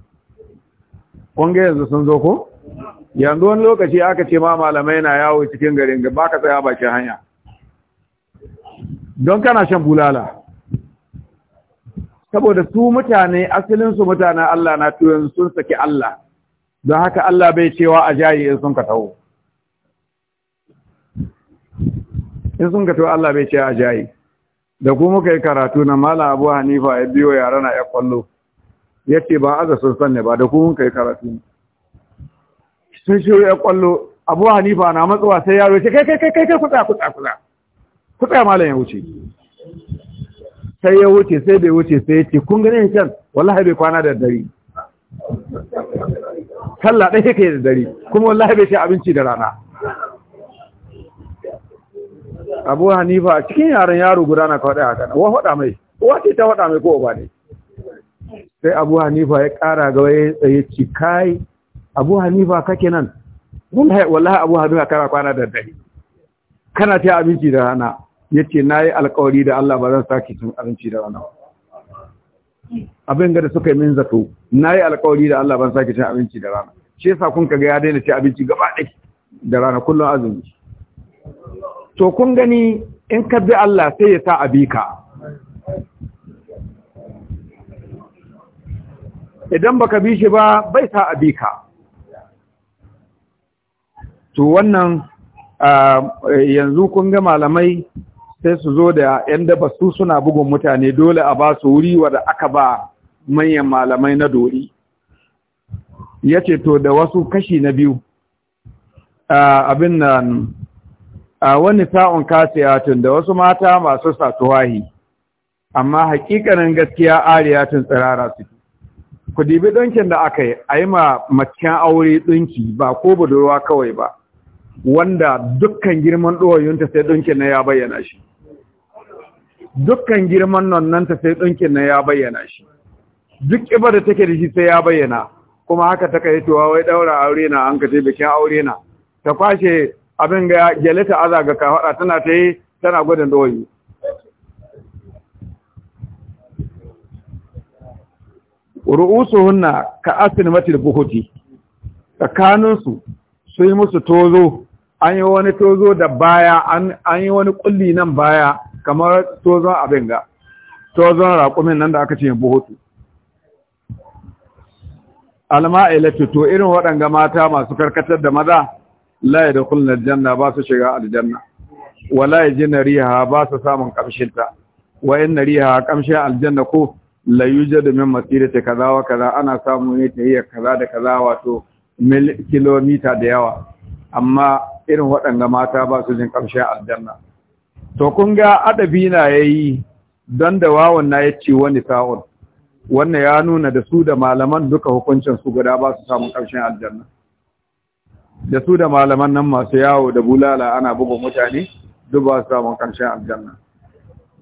A: kunga yanzu sun zo ko yanzu wani lokaci aka ce ma malamai na yawo cikin garin ba ka tsaya bakin hanya don kana shan bulala saboda su mutane asalinsu mutanen Allah na tuyon sun saki Allah don haka Allah bai cewa a jayi in sun ka taho in sun ka taho Allah bai cewa a jayi da kuma kai karatu na mala abu hanifa ya biyo yara na ya kwallo ya ce ba aza sun sanne ba da kun kai karatu sun shi ya kwallo abu hanifa na matsuwa sai yaro ce kai kai kai kai kutsa kutsa kutsa kutsa malam ya wuce sai ya wuce sai bai wuce sai ya ce kun gane can wallahi bai kwana da dare
B: sallah ɗaya yake da dare kuma wallahi bai ci
A: abinci da rana abu hanifa cikin yaran yaro guda na kawai haka wa haɗa mai wa ce ta haɗa mai ko ba ne sai abu hanifa ya ƙara ga waye tsaye ci kai abu hanifa kake nan wallahi abu hanifa kana kwana da dare kana ta abinci da rana ya ce na yi alkawari da Allah ba zan sake cin abinci da rana abin da suka yi min zato na yi alkawari da Allah ban sake cin abinci da rana shi yasa kun kaga ya daina ci abinci gaba ɗaya da rana kullum azumi to kun gani in ka bi Allah sai ya sa abika ka idan baka bi shi ba bai sa a bi ka to wannan yanzu kun ga malamai sai su zo da yan daba su suna bugun mutane dole a ba su wuri wadda aka ba manyan malamai na dori ya ce to da wasu kashi na biyu abin nan wani sa'on kasiyatun da wasu mata masu satuwahi amma hakikanin gaskiya ariyatun tsirara suke ku dibi ɗinkin da aka yi a yi ma macen aure ɗinki ba ko budurwa kawai ba wanda dukkan girman ɗuwayunta sai ɗinkin na ya bayyana shi dukkan girman nonnanta sai ɗinkin na ya bayyana shi duk ƙiba da take da shi sai ya bayyana kuma haka ta kai tuwa wai ɗaura aure na an kace bikin aure na ta kwashe abin ga gyale ta aza ga kafaɗa tana ta yi tana gwada ɗoyi hunna ka asnimatil buhuti tsakaninsu sun yi musu tozo an yi wani tozo da baya an yi wani kulli nan baya kamar tozon abin ga tozon raƙumin nan da aka ce buhutu alma'ilatu to irin waɗanga mata masu karkatar da maza la yadkhulna aljanna ba su shiga aljanna wala yajina riha ba su samun kamshinta wa inna riha kamshin aljanna ko la da min ta kaza wa kaza ana samu ne tahiya kaza da kaza wato kilomita da yawa amma irin waɗanga mata ba su jin ƙarshen aljanna to kun ga adabi na yayi don da wawan na ya ci wani sa'un wannan ya nuna da su da malaman duka hukuncin su guda ba su samun ƙarshen aljanna da su da malaman nan masu yawo da bulala ana buga mutane duk ba su samun ƙarshen aljanna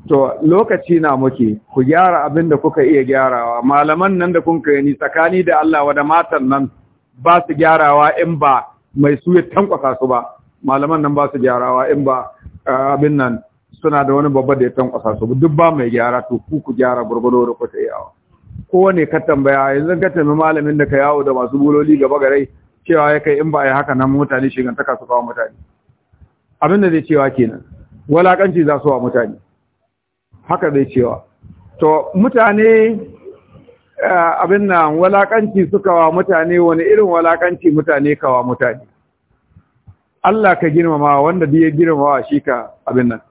A: to lokaci na muke ku gyara abin da kuka iya gyarawa malaman nan da kun ni tsakani da Allah wa da matan nan ba su gyarawa in ba mai su ya tankwasa su ba malaman nan ba su gyarawa in ba abin nan suna da wani babba da ya tankwasa su duk ba mai gyara to ku ku gyara gurgudo da kuka iyawa kowane ka tambaya yanzu ka tambayi malamin da ka yawo da masu buloli gaba gare cewa ya kai in ba ai yi haka nan mutane shigantaka su kawo mutane abin da zai cewa kenan walakanci za su wa mutane haka zai cewa to mutane eh, abin nan walakanci suka wa mutane wani irin walakanci mutane kawa mutane Allah ka girmama wanda biye girmama shi ka abin nan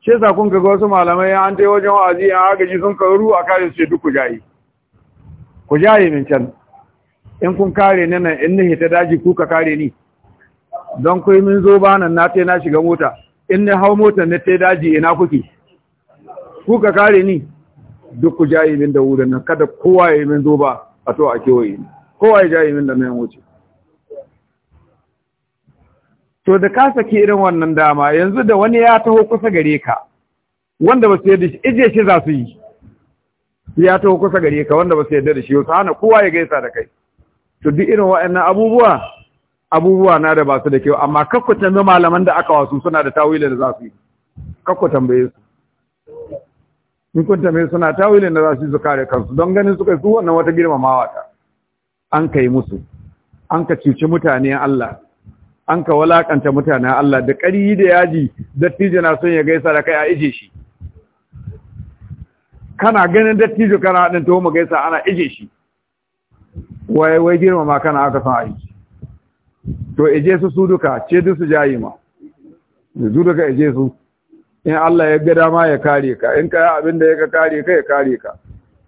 A: shi sa kun ga wasu malamai an tai wajen wa'azi an agaji sun karu a kare su duk kujayi. Kujayi min can in kun kare ni nan in ni hita daji ku ka kare ni don kai min zo ba nan na tai na shiga mota in ni hau motar ne ta daji ina kuke ku ka kare ni duk ku jaye min da wurin nan kada kowa ya yi min zoba a to a kewaye kowa ya jaye min da mai wuce to da ka saki irin wannan dama yanzu da wani ya taho kusa gare ka wanda ba su yadda shi ije shi za su yi ya taho kusa gare ka wanda ba su yadda da shi wasu hana kowa ya gaisa da kai to duk irin wa'annan abubuwa abubuwa na da ba su da kyau amma kakku tambayi malaman da aka wasu suna da tawilin da za su yi kakku tambaye su in kun tambaye suna tawilin da za su yi su kare kansu don ganin suka su wannan wata girmamawa ta an ka yi musu an ka cuci mutane Allah an ka walakanta mutanen Allah da ƙari da yaji dattijo na son ya gaisa da kai a ije shi kana ganin dattijo kana haɗin to mu gaisa ana ije shi wai wai girmama kana aka son aiki to ije su su duka ce duk su jayi ma su duka ije su in Allah ya ga dama ya kare ka in ka abin da ya kare ka ya kare ka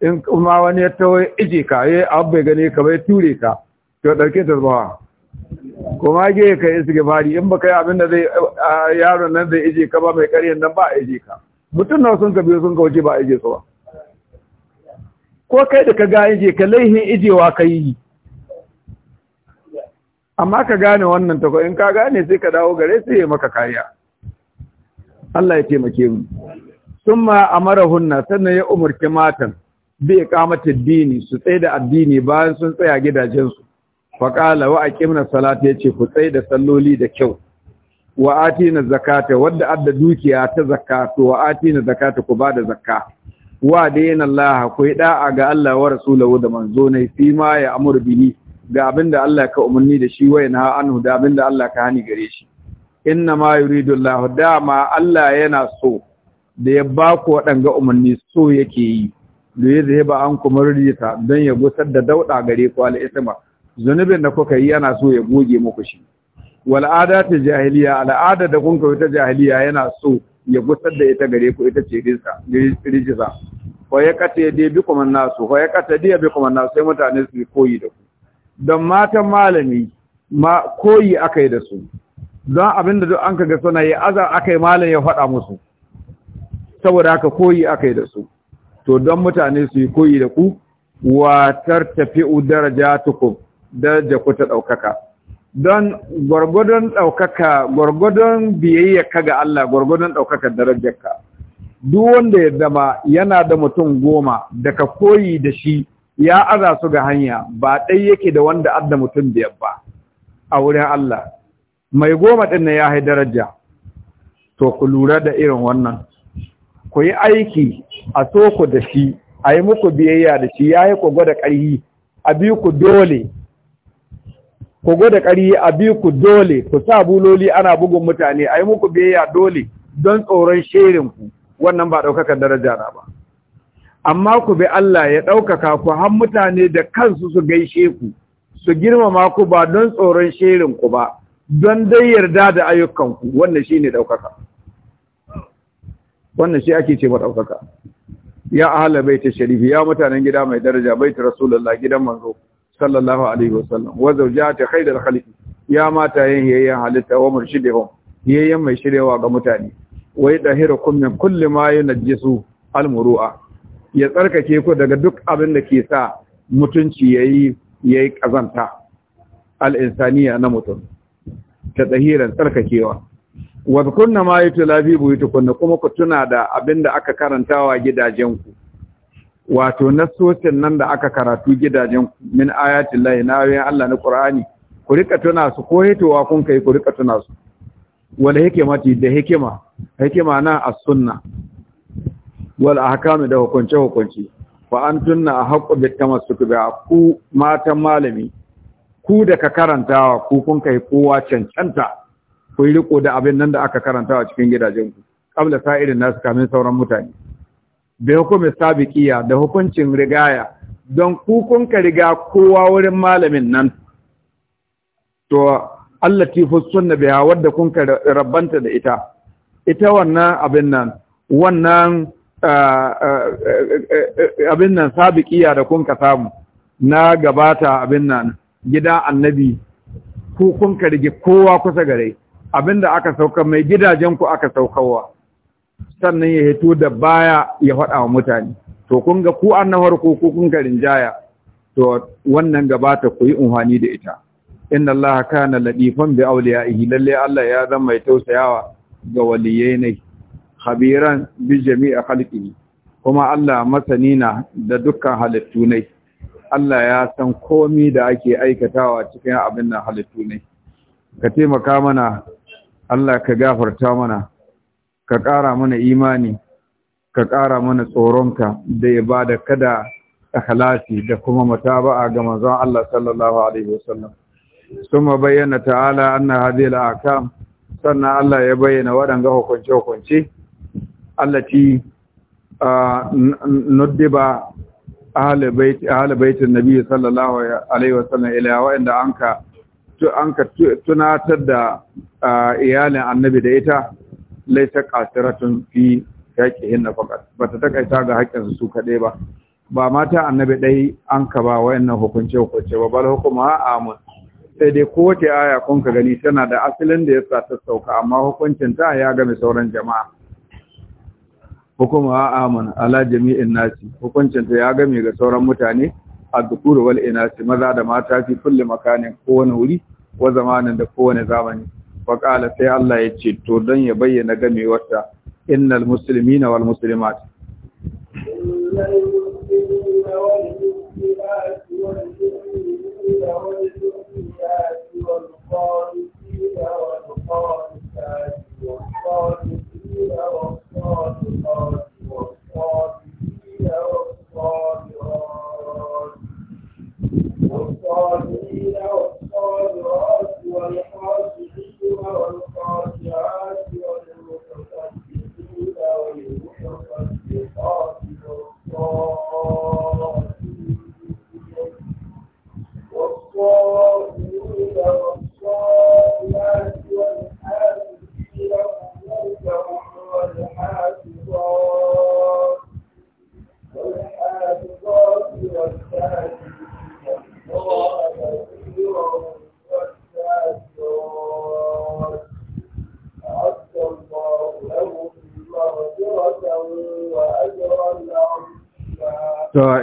A: in kuma wani ya tawo ije ka ya abu bai gane ka bai ture ka to dauke ta zuwa kuma ge ka yi sigifari in baka yi abin da zai yaro nan zai ije ka ba mai karyan nan ba a ije ka mutum na sun ka biyo sun ka ba a ije suwa ba ko kai da ka ga ije ka laihin ijewa ka yi amma ka gane wannan tako in ka gane sai ka dawo gare sai ya maka kariya Allah ya taimake mu summa amarahunna sannan ya umarci matan bi iqamati addini su tsaye da addini bayan sun tsaya gidajensu Faƙala wa aqimna salata yace ku tsaye da salloli da kyau wa na zakata wadda adda dukiya ta zakka to wa atina zakata ku ba da zakka wa dayna Allah ku yi da'a ga Allah wa rasulahu da manzo ne fi ya amur bini. ga abinda Allah ka umarni da shi wa yana anhu da abinda Allah ka hani gare shi inna ma yuridu Allah dama Allah yana so da ya ba ku waɗanga umarni so yake yi da ya zai ba an kuma ririta don ya gusar da dauɗa gare ku al'isma zunubin da kuka yi yana so ya goge muku shi wal'ada ta jahiliya al'ada da kun kawai ta jahiliya yana so ya gusar da ita gare ku ita ce rijisa ko ya kace dai bi kuma nasu ko ya kace dai bi kuma nasu sai mutane su koyi da ku don matan malami ma koyi akai da su don da duk an kaga suna yi azar aka yi malam ya faɗa musu saboda haka koyi aka yi da su to don mutane su yi koyi da ku wa tartafi'u darajatukum daraja ku ta ɗaukaka don gwargwadon ɗaukaka gwargwadon biyayya ka ga Allah gwargwadon ɗaukaka darajarka duk wanda ya zama yana da mutum goma daga koyi da shi ya aza su ga hanya ba ɗai yake da wanda adda mutum biyar ba a wurin Allah mai goma ɗin na ya yi daraja to ku lura da irin wannan ku yi aiki a so ku da shi a yi muku biyayya da shi ya yi ku gwada ƙarhi a bi ku dole ku gwada ƙarhi a bi ku dole ku sa buloli ana bugun mutane a yi muku biyayya dole don tsoron shirin ku wannan ba ɗaukakar daraja na ba amma ku bi Allah ya ɗaukaka ku har mutane da kansu su gaishe ku su girmama ku ba don tsoron shirin ku ba don dai yarda da ayyukanku wannan shi ne ɗaukaka wannan shi ake ce ma ɗaukaka ya ahala bai ta sharifi ya mutanen gida mai daraja bai ta rasulallah, gidan manzo sallallahu alaihi wasallam wa ta khairul khalifi. ya mata yin yayyan halitta wa murshidihum yayyan mai shirewa ga mutane wai dahirukum min kulli ma yunajjisu almuru'a ya tsarkake ku daga duk abin da ke sa mutunci yayi yayi kazanta al-insaniya na mutum ta tsahiran tsarkakewa wa kunna ma yutla yi tukunna kuma ku tuna da abin da aka karantawa gidajenku wato nasocin nan da aka karatu gidajenku min ayatin lahi na yoyin Allah na ƙura'ani ku rika tuna su ko hitowa kun kai ku rika tuna su Wani hikima hikimati da hikima hikima na a sunna wal ahkamu da hukunce hukunci an an tunna bit tamassuk masu ku matan malami ku da ka karantawa ku kun kai kowa cancanta ku yi riko da abin nan da aka karantawa cikin gidajenku kabla sa'irin nasu kamin sauran mutane bai hukumi sabiqiya da hukuncin rigaya don ku kun ka riga kowa wurin malamin nan to Allah tifu sunna biya wadda kun ka rabbanta da ita ita wannan abin nan wannan abin nan sabiqiya da kun ka samu na gabata abin nan Gidan annabi ku kun ka kowa kusa gare abinda aka sauka mai gidajen ku aka saukawa sannan ya hito da baya ya faɗa wa mutane to kun ga ku an na ku kun ka rinjaya to wannan gabata ku yi unhani da ita inna Allah kana ladifan bi awliyaihi lalle Allah ya zama mai tausayawa ga waliyai ne khabiran bi jami'i khalqihi kuma Allah masani na da dukkan halittu ne Allah ya san komi da ake aikatawa cikin abin nan halittu ne ka taimaka mana Allah ka gafarta mana ka ƙara mana imani ka ƙara mana tsoronka da ba da kada ikhlasi da kuma mutaba'a ga manzon Allah sallallahu alaihi wasallam suma bayyana ta'ala anna hadhihi al sannan Allah ya bayyana waɗanga hukunce hukunce allati ah, nuddiba ahal baiti baitin nabi sallallahu alaihi wasallam ila wa'anda anka anka tunatar da iyalin annabi da ita laysa qasiratun fi yake hinna fakat ba ta takaita ga haƙƙin su kaɗai ba ba mata annabi dai an ka ba wayannan hukunce hukunce ba bal hukuma amun sai dai kowace aya kun ka gani tana da asalin da yasa ta sauka amma hukuncin ta ya game sauran jama'a hukuma amin ala jami'in nasi hukuncin ya game ga sauran mutane a dukuru wal inasi maza da mata fi kulli makanin kowane wuri wa zamanin da kowane zamani wa kala sai Allah ya ce to dan ya bayyana gamewarta innal muslimina wal muslimat
B: والقانتين والقانتات God, O God,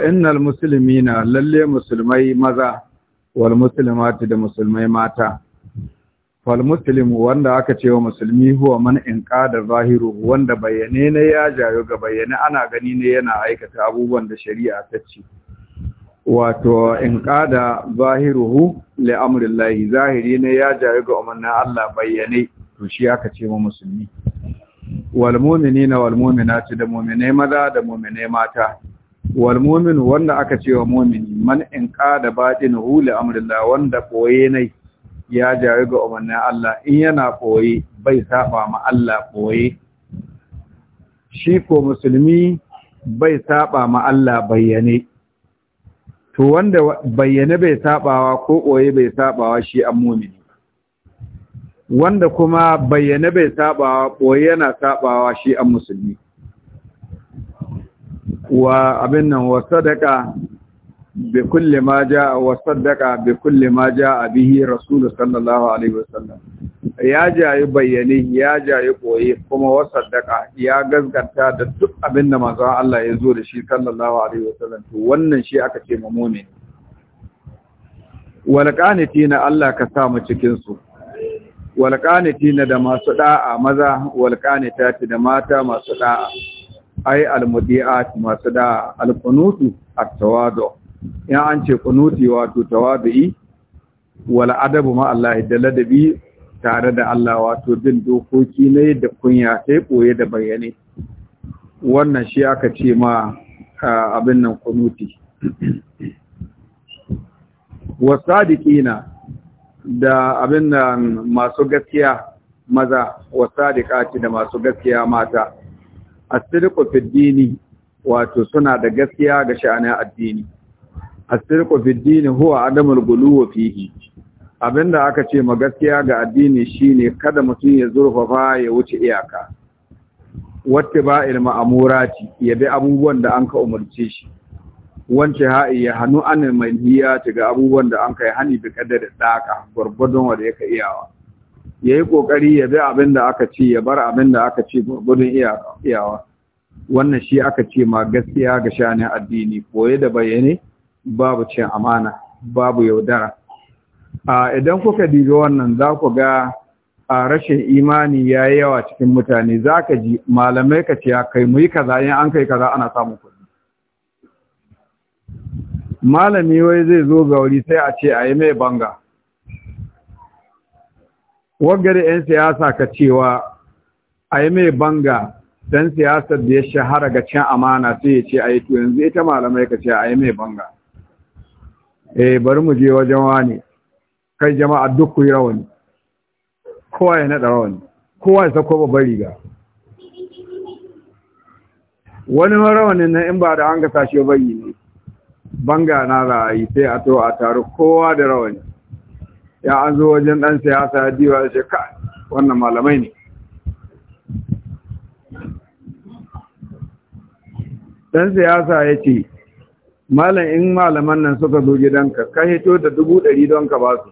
A: innal muslimina lalle musulmai maza wal muslimati da musulmai mata fal muslimu wanda aka ce wa musulmi huwa man in zahiru wanda bayyane ne ya jayo ga bayyane ana gani ne yana aikata abubuwan da shari'a ta ce wato in qada zahiruhu li amrillahi zahiri ne ya jayo ga umarnin Allah bayyane to shi aka ce wa musulmi wal mu'minina wal mu'minati da mu'minai maza da mu'minai mata wal wanda aka ce wa mu'mini man in qada batinahu huli amrillah wanda koye ne ya jawo ga umarnin Allah in yana koye bai saba ma Allah koye shi ko musulmi bai saba ma Allah bayyane to wanda bayyane bai sabawa ko koye bai sabawa shi an mu'mini wanda kuma bayyane bai sabawa koye yana sabawa shi an musulmi wa abin nan wa sadaka bi kulli ma jaa wa saddaqa bi kulli ma jaa bihi rasul sallallahu alaihi wasallam ya jayi bayyane ya jayi koyi kuma wa sadaka ya gaskata da duk abin da manzo Allah ya zo da shi sallallahu alaihi wasallam to wannan shi aka ce ne. mu'min wal qanitina Allah ka sa mu cikin su wal da masu da'a maza ta qanitati da mata masu da'a ai almudi'at masu da alkunutu atawadu. tawadu an ce kunuti wato tawadu'i wala adabu ma Allah da ladabi tare da Allah wato bin dokoki ne da kunya sai koye da bayane wannan shi aka ce ma abin nan kunuti wasadiqina da abin nan masu gaskiya maza wasadiqati da masu gaskiya mata asirku dini wato suna da gaskiya ga sha'anin addini asirku dini huwa adamul wa fihi abinda aka ce ma gaskiya ga addini shine kada mutum ya zurfafa ya wuce iyaka Wacce wata ilma ma'amurati ya bi abubuwan da an ka umarce shi wance ha'i ya hannu anil manhiya ga abubuwan da an ka yi hani bi kadar daka gwargwadon wanda yake iyawa ya yi ƙoƙari ya bi abin da aka ci ya bar abin da aka ce gudun iyawa wannan shi aka ce ma gaskiya ga shani addini koye da bayyane babu cin amana babu yaudara a idan kuka dibi wannan za ku ga a rashin imani ya yi yawa cikin mutane za ka ji malamai ka ce kai mu yi kaza in an kai kaza ana samun kuɗi malami wai zai zo ga wuri sai a ce a yi mai banga wagare 'yan siyasa ka cewa a yi mai banga don siyasar da ya shahara ga cin amana sai ya ce a yi to yanzu ita malamai ka ce a yi mai banga eh bari mu je wajen wani kai jama'a duk ku yi rawani kowa ya naɗa rawani kowa ya sako babbar riga wani rawani na in ba da an gasa shi bari ne banga na ra'ayi sai a to a taru kowa da rawani ya an zo wajen ɗan siyasa ya diwa ya ce ka wannan malamai ne ɗan siyasa ya ce malam in malaman nan suka zo gidanka ka hito da dubu ɗari don ka ba su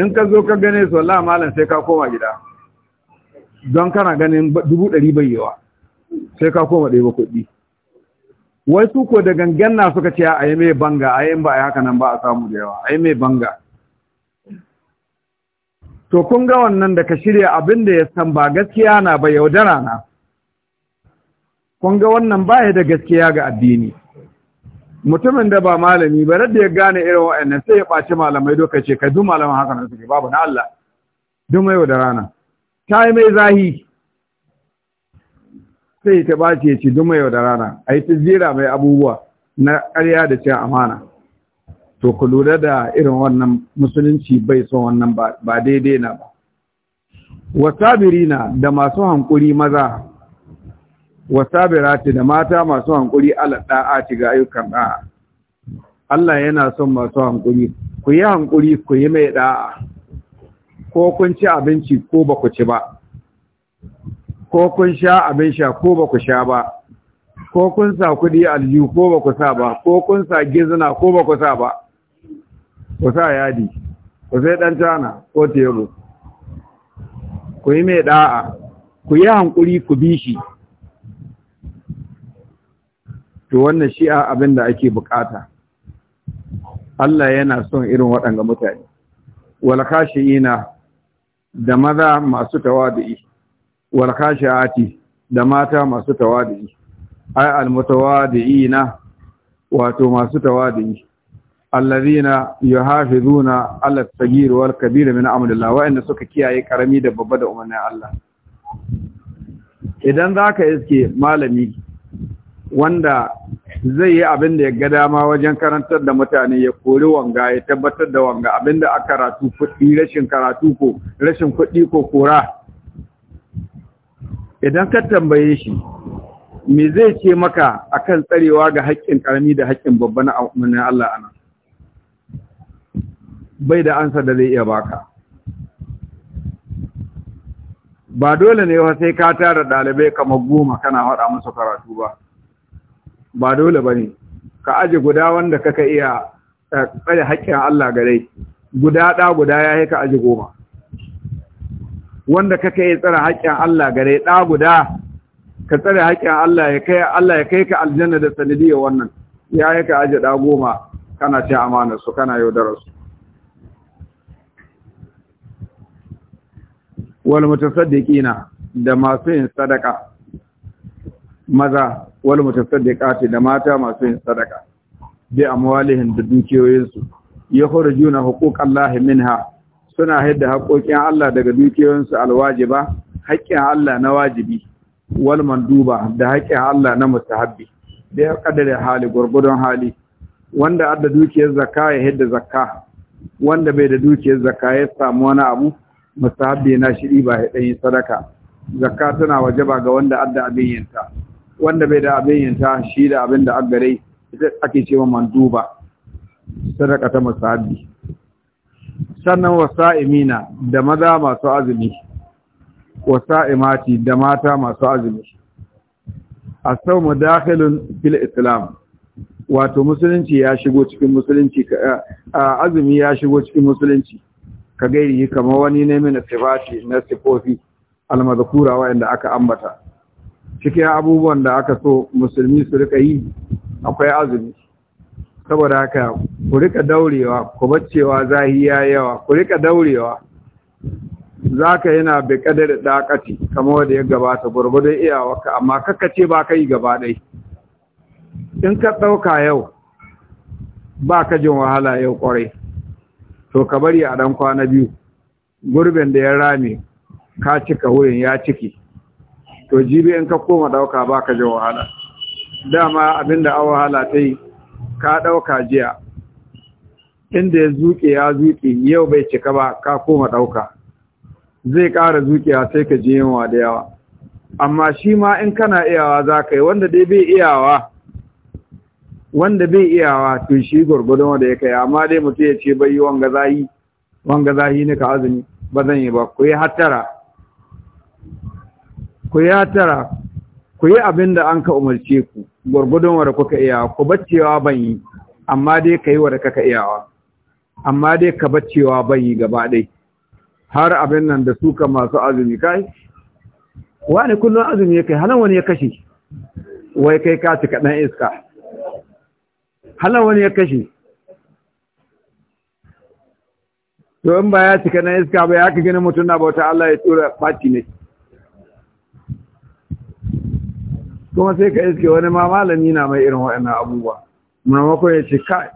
A: in ka zo ka gane su wallah malam sai ka koma gida don kana ganin dubu ɗari bai yawa sai ka koma ɗaya ba kuɗi wai su ko da gangan na suka ce a yi mai banga a yi ba a yi haka nan ba a samu da yawa a yi mai banga to kun ga wannan da ka shirya abin da ya san ba gaskiya na ba yaudara na kun ga wannan ba da gaskiya ga addini mutumin da ba malami ba da ya gane irin wa'annan sai ya ɓaci malamai doka ce ka du malaman haka nan suke babu na Allah duk mai da rana ta yi mai zahi sai ta ɓaci ya ce duk mai da rana a yi ta zira mai abubuwa na ƙarya da cin amana to ku lura da irin wannan musulunci bai son wannan ba daidai na ba wasabirina da masu hankuri maza wasabirati da mata masu hankuri ala ɗa'a ga ayyukan ɗa'a. Allah yana son masu hankuri ku yi hankuri ku yi mai ɗa'a. ko kun ci abinci ko ba ku ci ba ko kun sha abin sha ko ba ku sha ba ko kun sa kudi aljihu ko ba ku sa ba ko kun sa gizina ko ba ku sa ba ku sa yadi ku sai ɗan cana ko tero ku yi mai ɗa'a ku yi hankuri ku bi shi to wannan a abin da ake bukata Allah yana son irin waɗanga mutane wal khashiina da maza masu tawadi wal khashiati da mata masu tawadi ai al mutawadiina wato masu tawadi allazina yuhafizuna ala as-saghir wal kabir min amrillah wa inna suka kiyaye karami da babba da umarnin Allah idan zaka iske malami wanda zai yi abin da ya ga dama wajen karantar da mutane ya kori wanga ya tabbatar da wanga abin da aka karatu kuɗi rashin karatu ko rashin kuɗi ko kora idan ka tambaye shi me zai ce maka akan tsarewa ga haƙƙin ƙarami da haƙƙin babba na Allah anan bai da ansa da zai iya baka ba dole ne wa sai ka tara dalibai kamar goma kana haɗa musu karatu ba ba dole ba ne ka aji guda wanda kaka iya tsare haƙƙin Allah gare guda ɗa guda ya yi ka aji goma wanda kaka iya tsare haƙƙin Allah gare ɗa guda ka tsara haƙƙin Allah ya kai Allah ya kai ka aljanna da sanadiyar wannan ya yi ka aji ɗa goma kana ce amana su kana yaudarar su wal mutasaddiqina da masu yin sadaka maza wal mutasaddiqati da mata masu yin sadaka bi amwalihim da dukiyoyinsu yakhrujuna huquqallahi minha suna hidda haƙoƙin Allah daga dukiyoyinsu alwajiba haƙƙin Allah na wajibi wal manduba da haƙƙin Allah na mustahabbi da ya kaddare hali gurgudun hali wanda adda dukiyar zakka ya hidda zakka wanda bai da dukiyar zakka ya samu wani abu mustahabbi na shiri ba ya ɗanyi sadaka zakka tana wajaba ga wanda adda abin wanda bai da abin yanta shi da abin da aggare ita ake cewa manduba sadaka ta mustahabbi sannan wasa'imina da maza masu azumi wasa'imati da mata masu azumi as-sawmu dakhilun fil islam wato musulunci ya shigo cikin musulunci azumi ya shigo cikin musulunci ka gairi kamar wani ne min sifati na sifofi almazkura wa'anda aka ambata cikin abubuwan da aka so musulmi su rika yi akwai azumi saboda haka ku rika daurewa ku baccewa zahiya yawa ku rika daurewa zaka yana bi da dakati kama wanda ya gabata iya iyawarka amma kakkace ba kai gaba dai in ka dauka yau ba ka jin wahala yau kwarai to ka bari a ɗan kwana biyu gurbin da ya rame ka cika wurin ya ciki to jibi in ka koma ɗauka ba ka ji wahala dama abinda an wahala ta yi ka ɗauka jiya inda ya zuƙe ya zuƙe yau bai cika ba ka koma ɗauka zai ƙara zuƙewa sai ka ji yawa da yawa amma shi ma in kana iyawa za ka yi wanda dai bai iyawa wanda bai iyawa to shi gurgudun wanda ya kai amma dai mutum ya ce bai yi wanga zahi wanga zahi ne ka azumi ba zan yi ba ku yi hattara ku yi hattara ku yi abin da an ka umarce ku gurgudun wanda kuka iyawa ku baccewa ban yi amma dai ka yi wanda kaka iyawa amma dai ka baccewa ban yi gaba ɗai har abin nan da suka masu azumi kai wani kullum azumi ya kai halin wani ya kashe wai kai ka ci kaɗan iska halar wani ya kashe to in ba ya cika na iska ba ya ka gina mutum na bauta Allah ya tura fati ne kuma sai ka iske wani ma malami na mai irin waɗannan abubuwa mako ya ce kai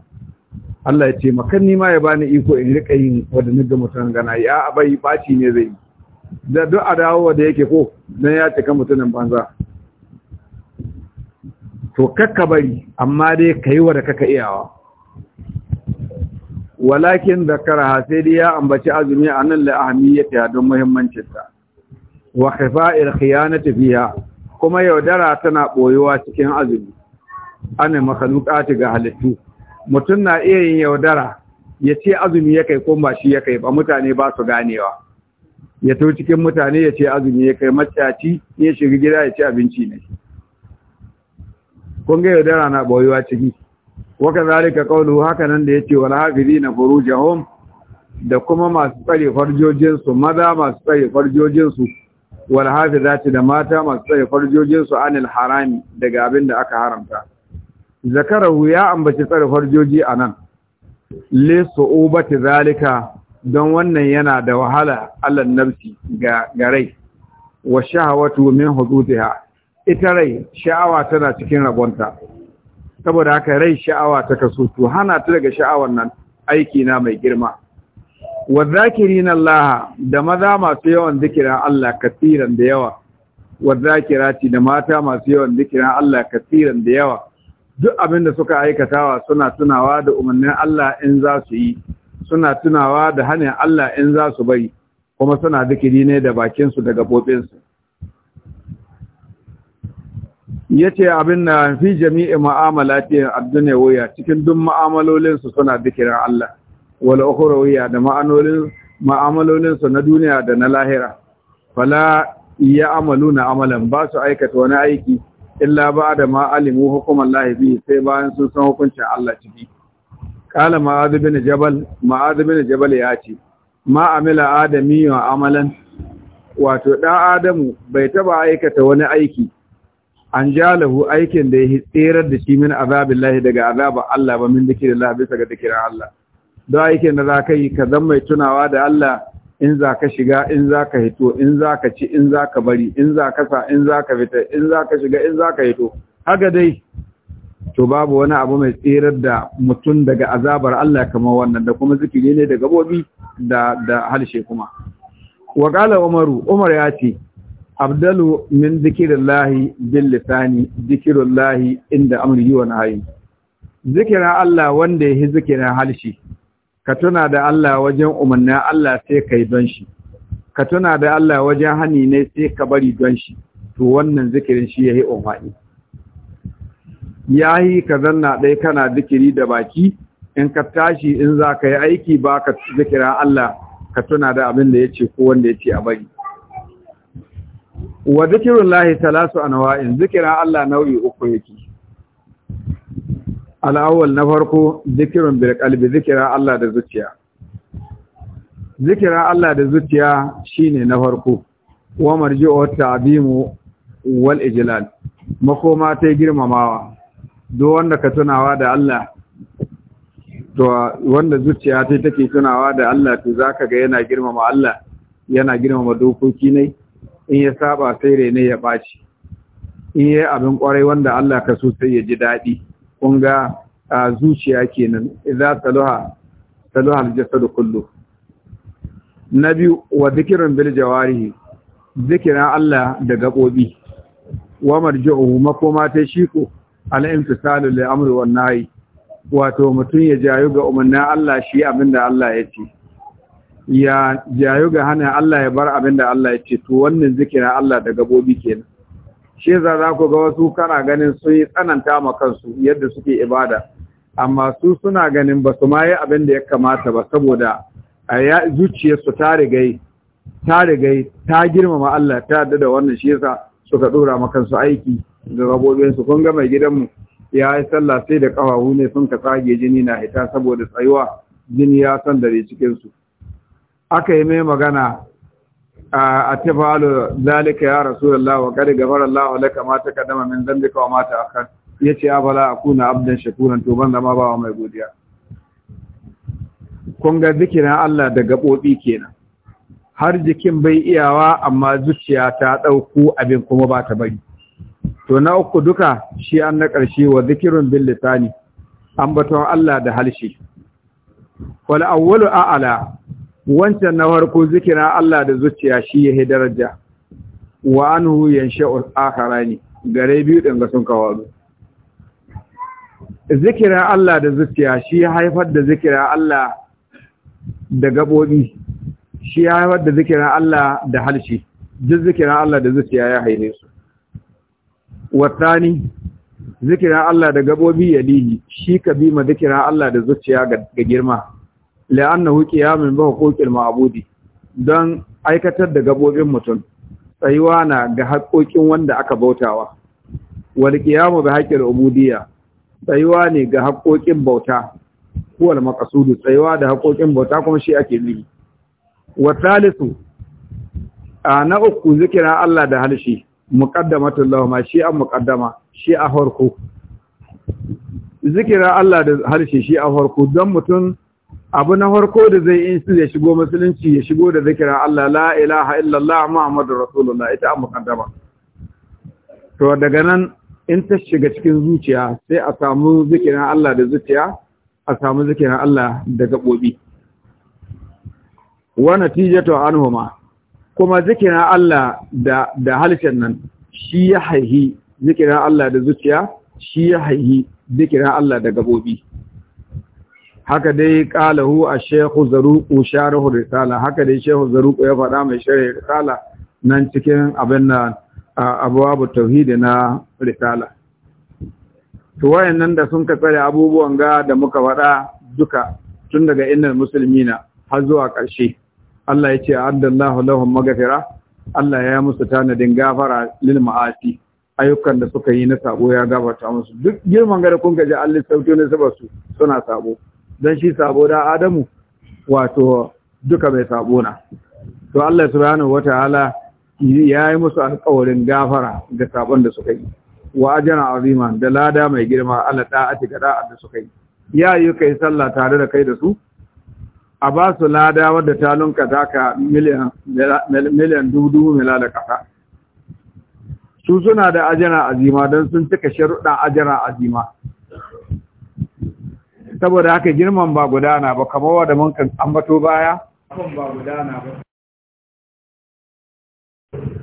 A: Allah ya ce makan nima ya bani iko in rika yin wadda ga mutum gana ya abai fati ne zai yi da duk a dawo da yake ko don ya cika mutumin banza to kakka bari amma dai ka yi wa da kaka iyawa walakin da sai dai ya ambaci azumi a nan la'ahamiyyata don muhimmancinta wa khifa'il khiyanati fiha kuma yaudara tana boyuwa cikin azumi ana makhluqati ga halittu mutum na iya yin yaudara ya ce azumi ya kai kuma shi ya kai ba mutane ba su ganewa ya to cikin mutane ya ce azumi ya kai matsaci ya shiga gida ya ci abinci ne kun ga yaudara na ɓoyuwa ciki waka zalika ƙaunu haka nan da ya ce, yace na furu furujahum da kuma masu tsare farjojinsu, maza masu tsare farjojin su za ce da mata masu tsare farjojinsu su anil daga abin da aka haramta zakarahu ya ambaci tsare farjoji a nan lesu ubati zalika don wannan yana da wahala allan nafsi ga rai. wa shahawatu min hudutiha ita rai sha'awa tana cikin ragonta saboda haka rai sha'awa ta kaso to hana ta daga sha'awar nan aiki na mai girma wa zakirin Allah da maza masu yawan zikira Allah kasiran da yawa wa zakirati da mata masu yawan zikira Allah kasiran da yawa duk abin da suka aikatawa suna tunawa da umarnin Allah in za su yi suna tunawa da hanyar Allah in za su bari kuma suna zikiri ne da bakinsu da gabobinsu yace abin na fi jami'i mu'amalati ad-dunyawiyya cikin duk mu'amalolin su suna zikirin Allah wal ukhrawiyya da ma'anolin mu'amalolin su na duniya da na lahira fala ya amaluna amalan ba su aikata wani aiki illa ba da ma alimu hukumar lahibi sai bayan sun san hukuncin Allah ciki. Kala ma'azu bin Jabal, ma'azu bin Jabal ya ce, ma amila adami wa amalan, wato ɗan Adamu bai taba aikata wani aiki an lahu aikin da ya tserar da shi min azabin lahi daga azabar Allah ba min dikirin Allah bisa ga dikirin Allah don aikin da za ka yi ka zama mai tunawa da Allah in za ka shiga in za ka hito in za ka ci in za ka bari in za ka sa in za ka fita in za ka shiga in za ka hito haka dai to babu wani abu mai tserar da mutum daga azabar Allah kamar wannan da kuma zikiri ne da gabobi da da halshe kuma wa qala umaru umar ya ce abdalu min zikirillahi bil lisani zikirullahi inda amri wa ayi. zikirin Allah wanda ya yake zikirin halshi ka tuna da Allah wajen umarnin Allah sai kai don shi ka tuna da Allah wajen hani ne sai ka bari don shi to wannan zikirin shi yayi umfani yayi ka zanna dai kana zikiri da baki in ka tashi in za ka yi aiki ba ka zikirin Allah ka tuna da abin da ya ce ko wanda ya ce a bari wa zikirun lahi talasu a nawa'in zikirin Allah nau'i uku yake al'awwal na farko zikirin birkalbi zikirin Allah da zuciya zikirin Allah da zuciya shine na farko wa marji'u ta'zimu wal ijlal makoma ta girmamawa duk wanda ka tunawa da Allah to wanda zuciya ta take tunawa da Allah to zaka ga yana girmama Allah yana girmama dokoki ne in ya saba sai rene ya ɓaci in ya abin ƙwarai wanda Allah ka so sai ya ji daɗi kunga a zuciya kenan idza saluha saluha al-jasad kullu na biyu wa zikirin bil jawarihi zikirin Allah da gaɓoɓi wa marji'uhu makoma ta shi al-imtisalu li amri wan wato mutum ya jayu ga umarnin Allah shi abinda Allah ya ce ya jayu ga hana Allah ya bar abin da Allah ya ce to wannan zikirin Allah da gabobi kenan shi za za ku ga wasu kana ganin sun yi tsananta ma kansu yadda suke ibada amma su suna ganin ba su ma yi abin da ya kamata ba saboda a ya zuciyarsu ta rigai ta rigai ta girmama Allah ta yadda da wannan shi yasa suka dora ma kansu aiki da gabobinsu kun ga mai gidanmu ya yi sallah sai da ƙafafu ne sun ka tsage jini na ita saboda tsayuwa jini ya san dare cikinsu aka yi mai magana a tafalu zalika ya rasu Allah wa qad gabar Allah laka mata taqaddama min dhanbika wa ma ya ce a bala kuna abdan shakuran to ban zama ba mai godiya kun ga zikirin Allah da gaɓoɓi kenan har jikin bai iyawa amma zuciya ta ɗauku abin kuma ba ta bari to na uku duka shi an na ƙarshe wa zikirin bin lissani. An baton Allah da halshe. wal awwalu a'ala wancan na farko zikira Allah da zuciya shi ya daraja wa anhu yansha'u akharani gare biyu din ga sun kawo zikira Allah da zuciya shi ya haifar da zikira Allah da gabobi shi ya haifar da zikira Allah da halshi duk zikira Allah da zuciya ya haife su wasani zikira Allah da gabobi yalihi shi ka bi ma zikira Allah da zuciya ga girma la'annahu min ba huquqil ma'budi don aikatar da gabobin mutum tsayuwa na ga haƙoƙin wanda aka bautawa wal qiyamu bi haqqil ubudiyya tsayuwa ne ga haƙoƙin bauta huwal maqsudu tsayuwa da haƙoƙin bauta kuma shi ake yi wa thalithu na uku zikira Allah da halshi muqaddamatul ma shi an muqaddama shi a farko zikira Allah da halshi shi a farko don mutum abu na farko da zai yi su ya shigo musulunci ya shigo da zikirin Allah la ilaha illallah Muhammadu Rasulullah ita an mukaddama to daga nan in ta shiga cikin zuciya sai a samu zikirin Allah da zuciya a samu zikirin Allah da gabobi wa natijatu anhuma kuma zikirin Allah da da nan shi ya haihi zikirin Allah da zuciya shi ya haihi zikirin Allah da gabobi haka dai hu a shekhu zaruku sharhu risala haka dai shehu zaruku ya faɗa mai sharhi risala nan cikin abin nan abwabu tauhidi na risala to nan da sun ka tsare abubuwan ga da muka faɗa duka tun daga innal muslimina har zuwa ƙarshe Allah ya ce addallahu lahum maghfira Allah ya musu tanadin gafara lil ma'asi ayyukan da suka yi na sabo ya gabata musu duk girman gare kun ga ji Allah sautin su suna sabo don shi sabo da adamu wato duka mai sabo na to Allah subhanahu wataala ya yi musu alƙawarin gafara ga sabon da suka yi wa ajana azima da lada mai girma Allah da'ati ga da'a da suka yi ya yi kai sallah tare da kai da su a ba su lada wadda ta lunka taka miliyan miliyan dubu kasa su suna da ajana azima don sun cika sharuɗa ajana azima saboda haka girman ba gudana ba kamar wanda mun kan ambato baya ba gudana ba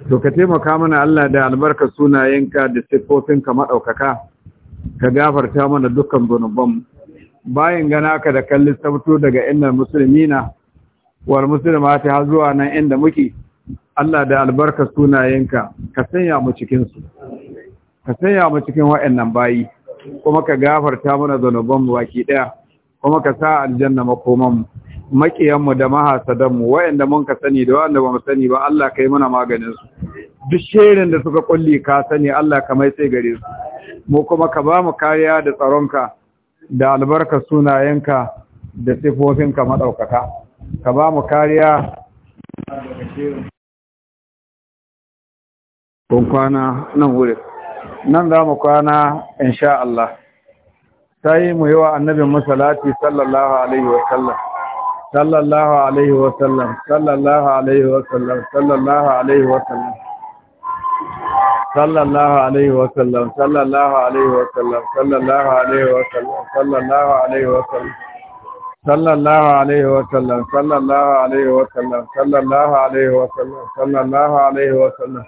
A: to ka taimaka mana Allah da albarka sunayenka da ka madaukaka ka gafarta mana dukkan gunubban bayan gana ka da kallon sabto daga inda musulmina war musulmati har zuwa nan inda muke Allah da albarka sunayenka ka sanya mu cikin su ka sanya mu cikin wa'annan bayi kuma ka gafarta mana zanuban mu baki ɗaya. kuma ka sa aljanna makoman mu makiyan da mahasadan mu wayanda mun ka sani da ba mu sani ba Allah kai mana maganin su duk shirin da suka kulli ka sani Allah ka mai sai gare su mu kuma ka ba mu kariya da tsaronka da albarka sunayenka da sifofinka madaukaka ka ba mu kariya kun kwana nan wurin nan za mu kwana insha Allah ta yi mu yi wa annabin masalati sallallahu alaihi wa wasallam sallallahu alaihi wa sallam sallallahu alaihi wa sallallahu alaihi wa sallallahu alaihi wa sallallahu alaihi wa sallallahu alaihi wa
B: sallallahu alaihi wa sallallahu alaihi wa
A: sallallahu alaihi wa sallallahu alaihi wa sallallahu alaihi wa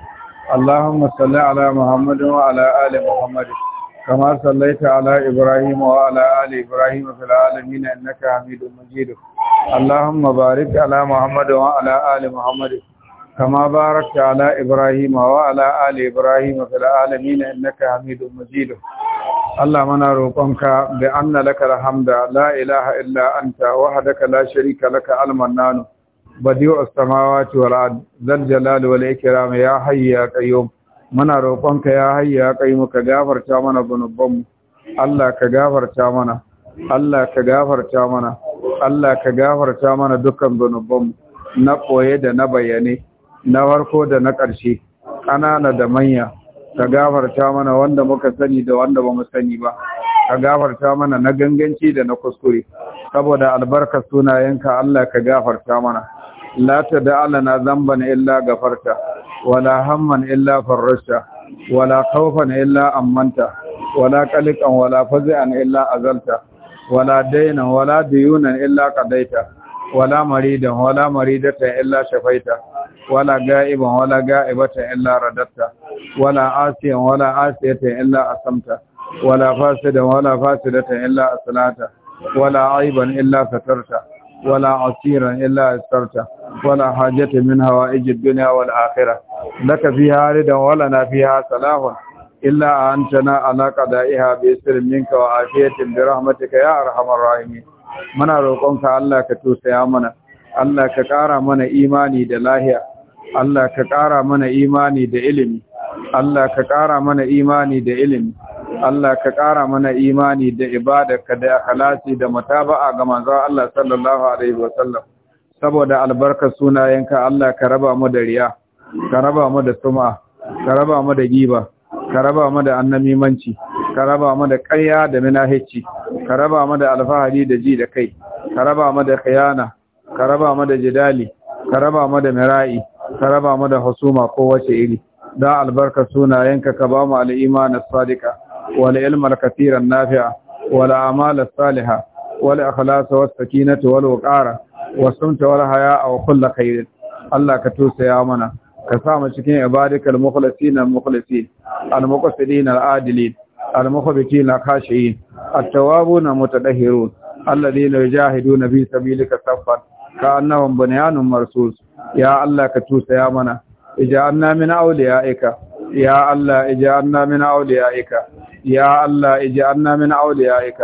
A: اللهم صل على محمد وعلى آل محمد كما صليت على إبراهيم وعلى آل إبراهيم في العالمين إنك حميد مجيد اللهم بارك على محمد وعلى آل محمد كما باركت على إبراهيم وعلى آل إبراهيم في العالمين إنك حميد مجيد اللهم انا روقك بأن لك الحمد لا إله إلا أنت وحدك لا شريك لك المنان badi'u as-samawati wal ard zal jalali wal ya hayyu ya qayyum muna roƙonka ya hayyu ya qayyum ka gafarta mana zunubanmu Allah ka gafarta mana Allah ka gafarta mana Allah ka gafarta mana dukkan zunubanmu na koye da na bayane na farko da na ƙarshe ƙanana da manya ka gafarta mana wanda muka sani da wanda ba sani ba ka gafarta mana na ganganci da na kuskure saboda albarkar sunayenka Allah ka gafarta mana لا تدع لنا ذنبا إلا غفرته ولا هما إلا فرجته ولا خوفا إلا أمنته ولا قلقا ولا فزعا إلا أزلته ولا دينا ولا ديونا إلا قضيته ولا مريدا ولا مريدة إلا شفيته ولا غائبا ولا غائبة إلا رددته ولا عاصيا ولا عاصية إلا أسمته ولا فاسدا ولا فاسدة إلا أصلاته ولا عيبا إلا سترته ولا عسيرا إلا أسرته ولا حاجة من هوائج الدنيا والآخرة لك فيها ردا ولنا فيها صلاح إلا أنتنا على قدائها بإسر منك وعافية برحمتك يا أرحم الراحمين muna roƙonka Allah ka tosaya mana Allah ka ƙara mana imani da lahiya Allah ka ƙara mana imani da ilimi Allah ka ƙara mana imani da ilimi Allah ka ƙara mana imani da ibada ibadarka da halasi da mutaba'a ga manzo Allah sallallahu alaihi sallam saboda albarka sunayenka Allah ka raba mu da riya ka raba mu da suma ka raba mu da giba ka raba mu da annamimanci ka raba mu da ƙarya da minahici ka raba mu da alfahari da ji da kai ka raba mu da khiyana ka raba mu da jidali ka raba mu da mira'i ka raba mu da husuma ko wace iri da albarka sunayenka ka ba mu al'imana sadika والعلم الكثير النافع والأعمال الصالحة والإخلاص والسكينة والوقار والسمت والحياء وكل خير الله كتوسى يا منا كسام شكين عبادك المخلصين المخلصين المقصدين العادلين المخبتين الخاشعين التوابون المتدهرون الذين يجاهدون في سبيلك صفا كأنهم بنيان مرصوص يا الله كتوسى يا منا اجعلنا من أوليائك يا الله اجعلنا من أوليائك يا الله اجعلنا من أوليائك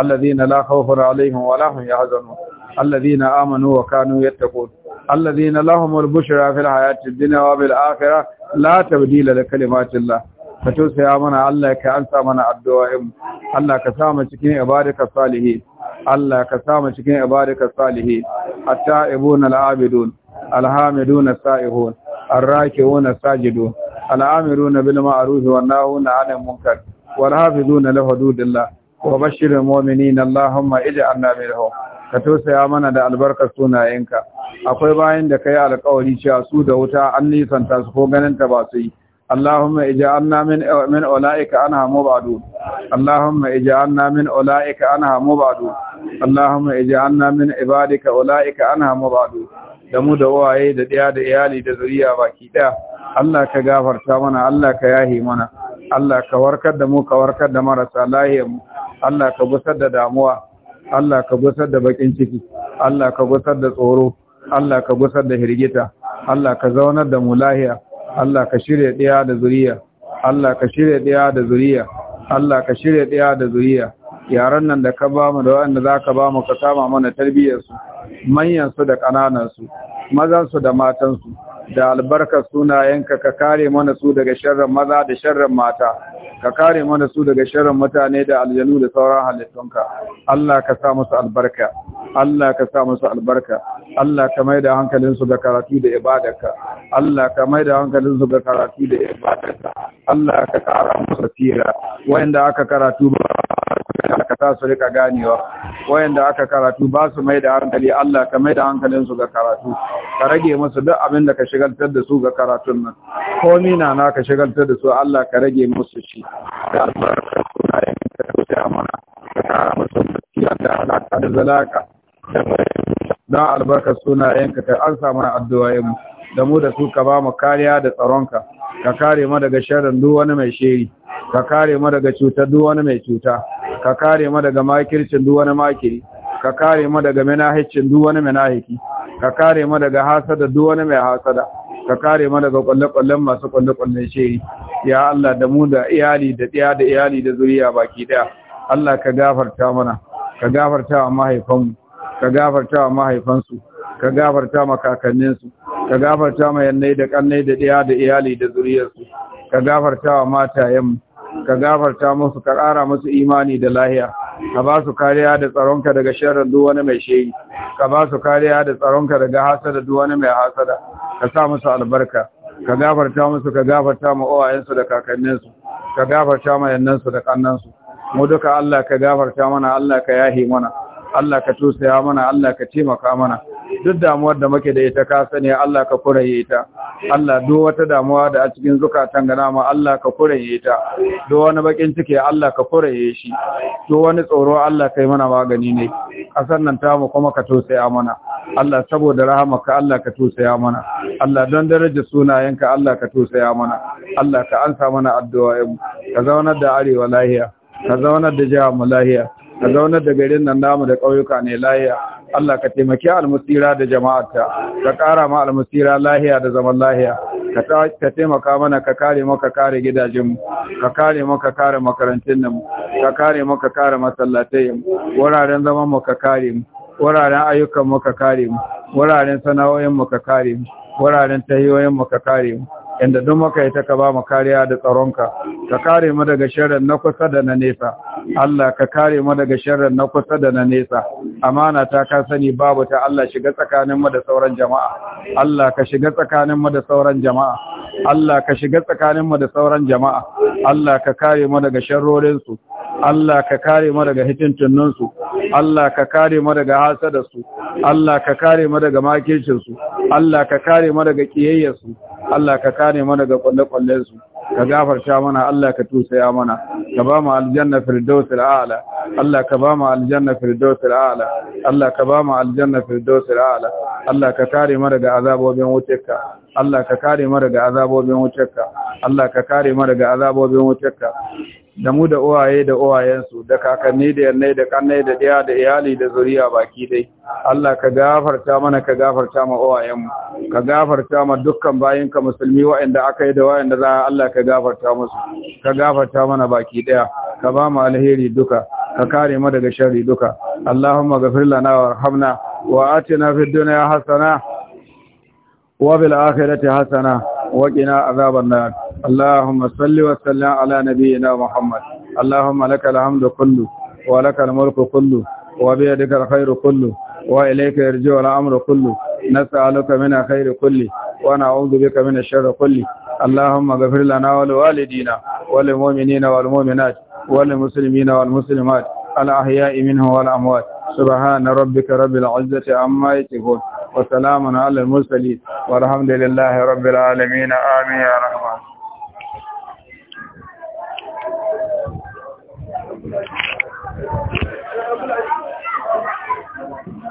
A: الذين لا خوف عليهم ولا هم يحزنون الذين آمنوا وكانوا يتقون الذين لهم البشرى في الحياة الدنيا وبالآخرة لا تبديل لكلمات الله فتوسع منا الله كأنسى منا الدوائم الله كسامة كين عبادك الصالحين الله كسامة كين عبادك الصالحين التائبون العابدون الحامدون السائحون الراكعون الساجدون al’amiruna bil ma’arufi wa na’una anan munkar wa rahafizuna na hududunla wa bashirin momini na Allahumma ije an na ka tosaya mana da albarkar sunayenka akwai bayan da ka yi alkawari cewa su da wuta an nisanta su ko ganin ta ba su yi Allahumma ije an na ola’ika an hamu ba du Allahumma an na ola’ika an hamu ba du Allahumma an na ibadika ola’ika an hamu ba du da mu da uwaye da ɗaya da iyali da zuriya baki ɗaya Allah ka gafarta mana Allah ka yahi mana Allah ka warkar da mu ka warkar da marasa lahiyar mu Allah ka gusar da damuwa Allah ka gusar da bakin ciki Allah ka gusar da tsoro Allah ka gusar da hirgita Allah ka zaunar da mu lahiya Allah ka shirya ɗaya da zuriya Allah ka shirya ɗaya da zuriya Allah ka shirya ɗaya da zuriya yaran nan da ka bamu da wanda za ka bamu ka kama mana tarbiyyarsu manyansu da ƙananansu su da matansu da albarkar sunayenka ka kare mana su daga sharran maza da sharran mata ka kare mana su daga shirin mutane da aljanu da sauran halittunka Allah ka sa musu albarka Allah ka sa musu albarka Allah ka maida hankalin su ga karatu da ibadarka Allah ka maida hankalin su ga karatu da ibadarka Allah ka kara musu tira wanda aka karatu ba ka sa su rika ganewa wayanda aka karatu ba su mai da hankali Allah ka mai da hankalin su ga karatu ka rage musu duk abin da ka shigaltar da su ga karatun nan komi na na ka shigaltar da su Allah ka rage musu shi da
B: albarkar
A: sunayen ta kyauta mana ka kara musu gaskiya da alaƙa da zalaka da albarkar sunayen ka kai an samu addu'o'in mu da mu da su ka ba mu kariya da tsaronka ka kare ma daga sharrin duk wani mai shiri ka kare ma daga cutar duk wani mai cuta ka kare ma daga makircin duk wani makiri ka kare ma daga minahicin duk wani minahiki ka kare ma daga hasada duk wani mai hasada ka kare mana ga kwallon masu kwallon kwallen shiri ya Allah da mu da iyali da ɗaya da iyali da zuriya baki ɗaya Allah ka gafarta mana ka gafarta wa mahaifanmu ka gafarta wa mahaifansu ka gafarta wa kakanninsu ka gafarta wa yannai da kannai da ɗaya da iyali da zuriyarsu ka gafarta wa matayenmu ka gafarta musu ka ƙara musu imani da lahiya ka ba su kariya da tsaronka daga sharar duk wani mai shehi ka ba su kariya da tsaronka daga hasada duk wani mai hasada ka sa musu albarka ka gafarta musu ka gafarta mu uwayensu da kakanninsu ka gafarta ma yannansu da kannansu mu duka Allah ka gafarta mana Allah ka yahi mana Allah ka tosaya mana Allah ka taimaka mana duk damuwar da muke da ita ka sani Allah ka kuraye ta Allah duk wata damuwa da a cikin zukatan gana ma Allah ka kuraye ta duk wani bakin ciki Allah ka kuraye shi duk wani tsoro Allah kai mana magani ne kasar nan mu kuma ka tausaya mana Allah saboda rahamarka Allah ka tosaya mana Allah don daraja sunayenka Allah ka tosaya mana Allah ka ansa mana addu'a ka zauna da arewa lahiya ka zauna da jihar mu lahiya ka zaunar da garin nan namu da ƙauyuka ne lahiya Allah ka taimaki almusira da jama'arta ka ƙara ma almusira lahiya da zaman lahiya ka taimaka mana ka kare maka kare gidajenmu ka kare maka kare makarantun nan ka kare maka kare masallatai wuraren zaman mu ka kare mu wuraren ayyukan mu ka kare mu wuraren sana'o'in mu ka kare mu wuraren tahiyoyin mu ka kare mu inda duk muka yi ta ka ba mu kariya da tsaronka ka kare mu daga sharrin na kusa da na nesa Allah ka kare mu daga sharrin na kusa da na nesa amana ta ka sani babu ta Allah shiga tsakanin mu da sauran jama'a Allah ka shiga tsakanin mu da sauran jama'a Allah ka shiga tsakanin mu da sauran jama'a Allah ka kare mu daga sharrorin su Allah ka kare mu daga su Allah ka kare mu daga su Allah ka kare mu daga su Allah ka kare mu daga su Allah ka kare mu daga kullakullen su ka gafarta mana Allah ka tusaya mana ka ba mu aljanna firdaus al'ala Allah ka ba mu aljanna firdaus al'ala Allah ka ba mu aljanna firdaus al'ala Allah ka kare mu daga azabobin wutarka Allah ka kare mu daga azabobin wutarka Allah ka kare mu daga azabobin wutarka da mu da uwaye da uwayensu da kakanni da yannai da kannai da daya da iyali da zuriya baki dai Allah ka gafarta mana ka gafarta ma uwayenmu ka gafarta ma dukkan bayinka musulmi waɗanda aka yi da waɗanda za Allah ka gafarta musu ka gafarta mana baki daya ka ba mu alheri duka ka kare mu daga sharri duka Allahumma ghfir lana warhamna wa atina fid dunya hasana وفي الآخرة حسنة وقنا عذاب النار اللهم صل وسلم على نبينا محمد اللهم لك الحمد كله ولك الملك كله وبيدك الخير كله وإليك يرجع الأمر كله نسألك من خير كله ونعوذ بك من الشر كله اللهم اغفر لنا ولوالدينا وللمؤمنين والمؤمنات وللمسلمين والمسلمات الأحياء منهم والأموات سبحان ربك رب العزة عما يصفون وسلام على المرسلين والحمد لله رب العالمين آمين يا رحمن Thank you.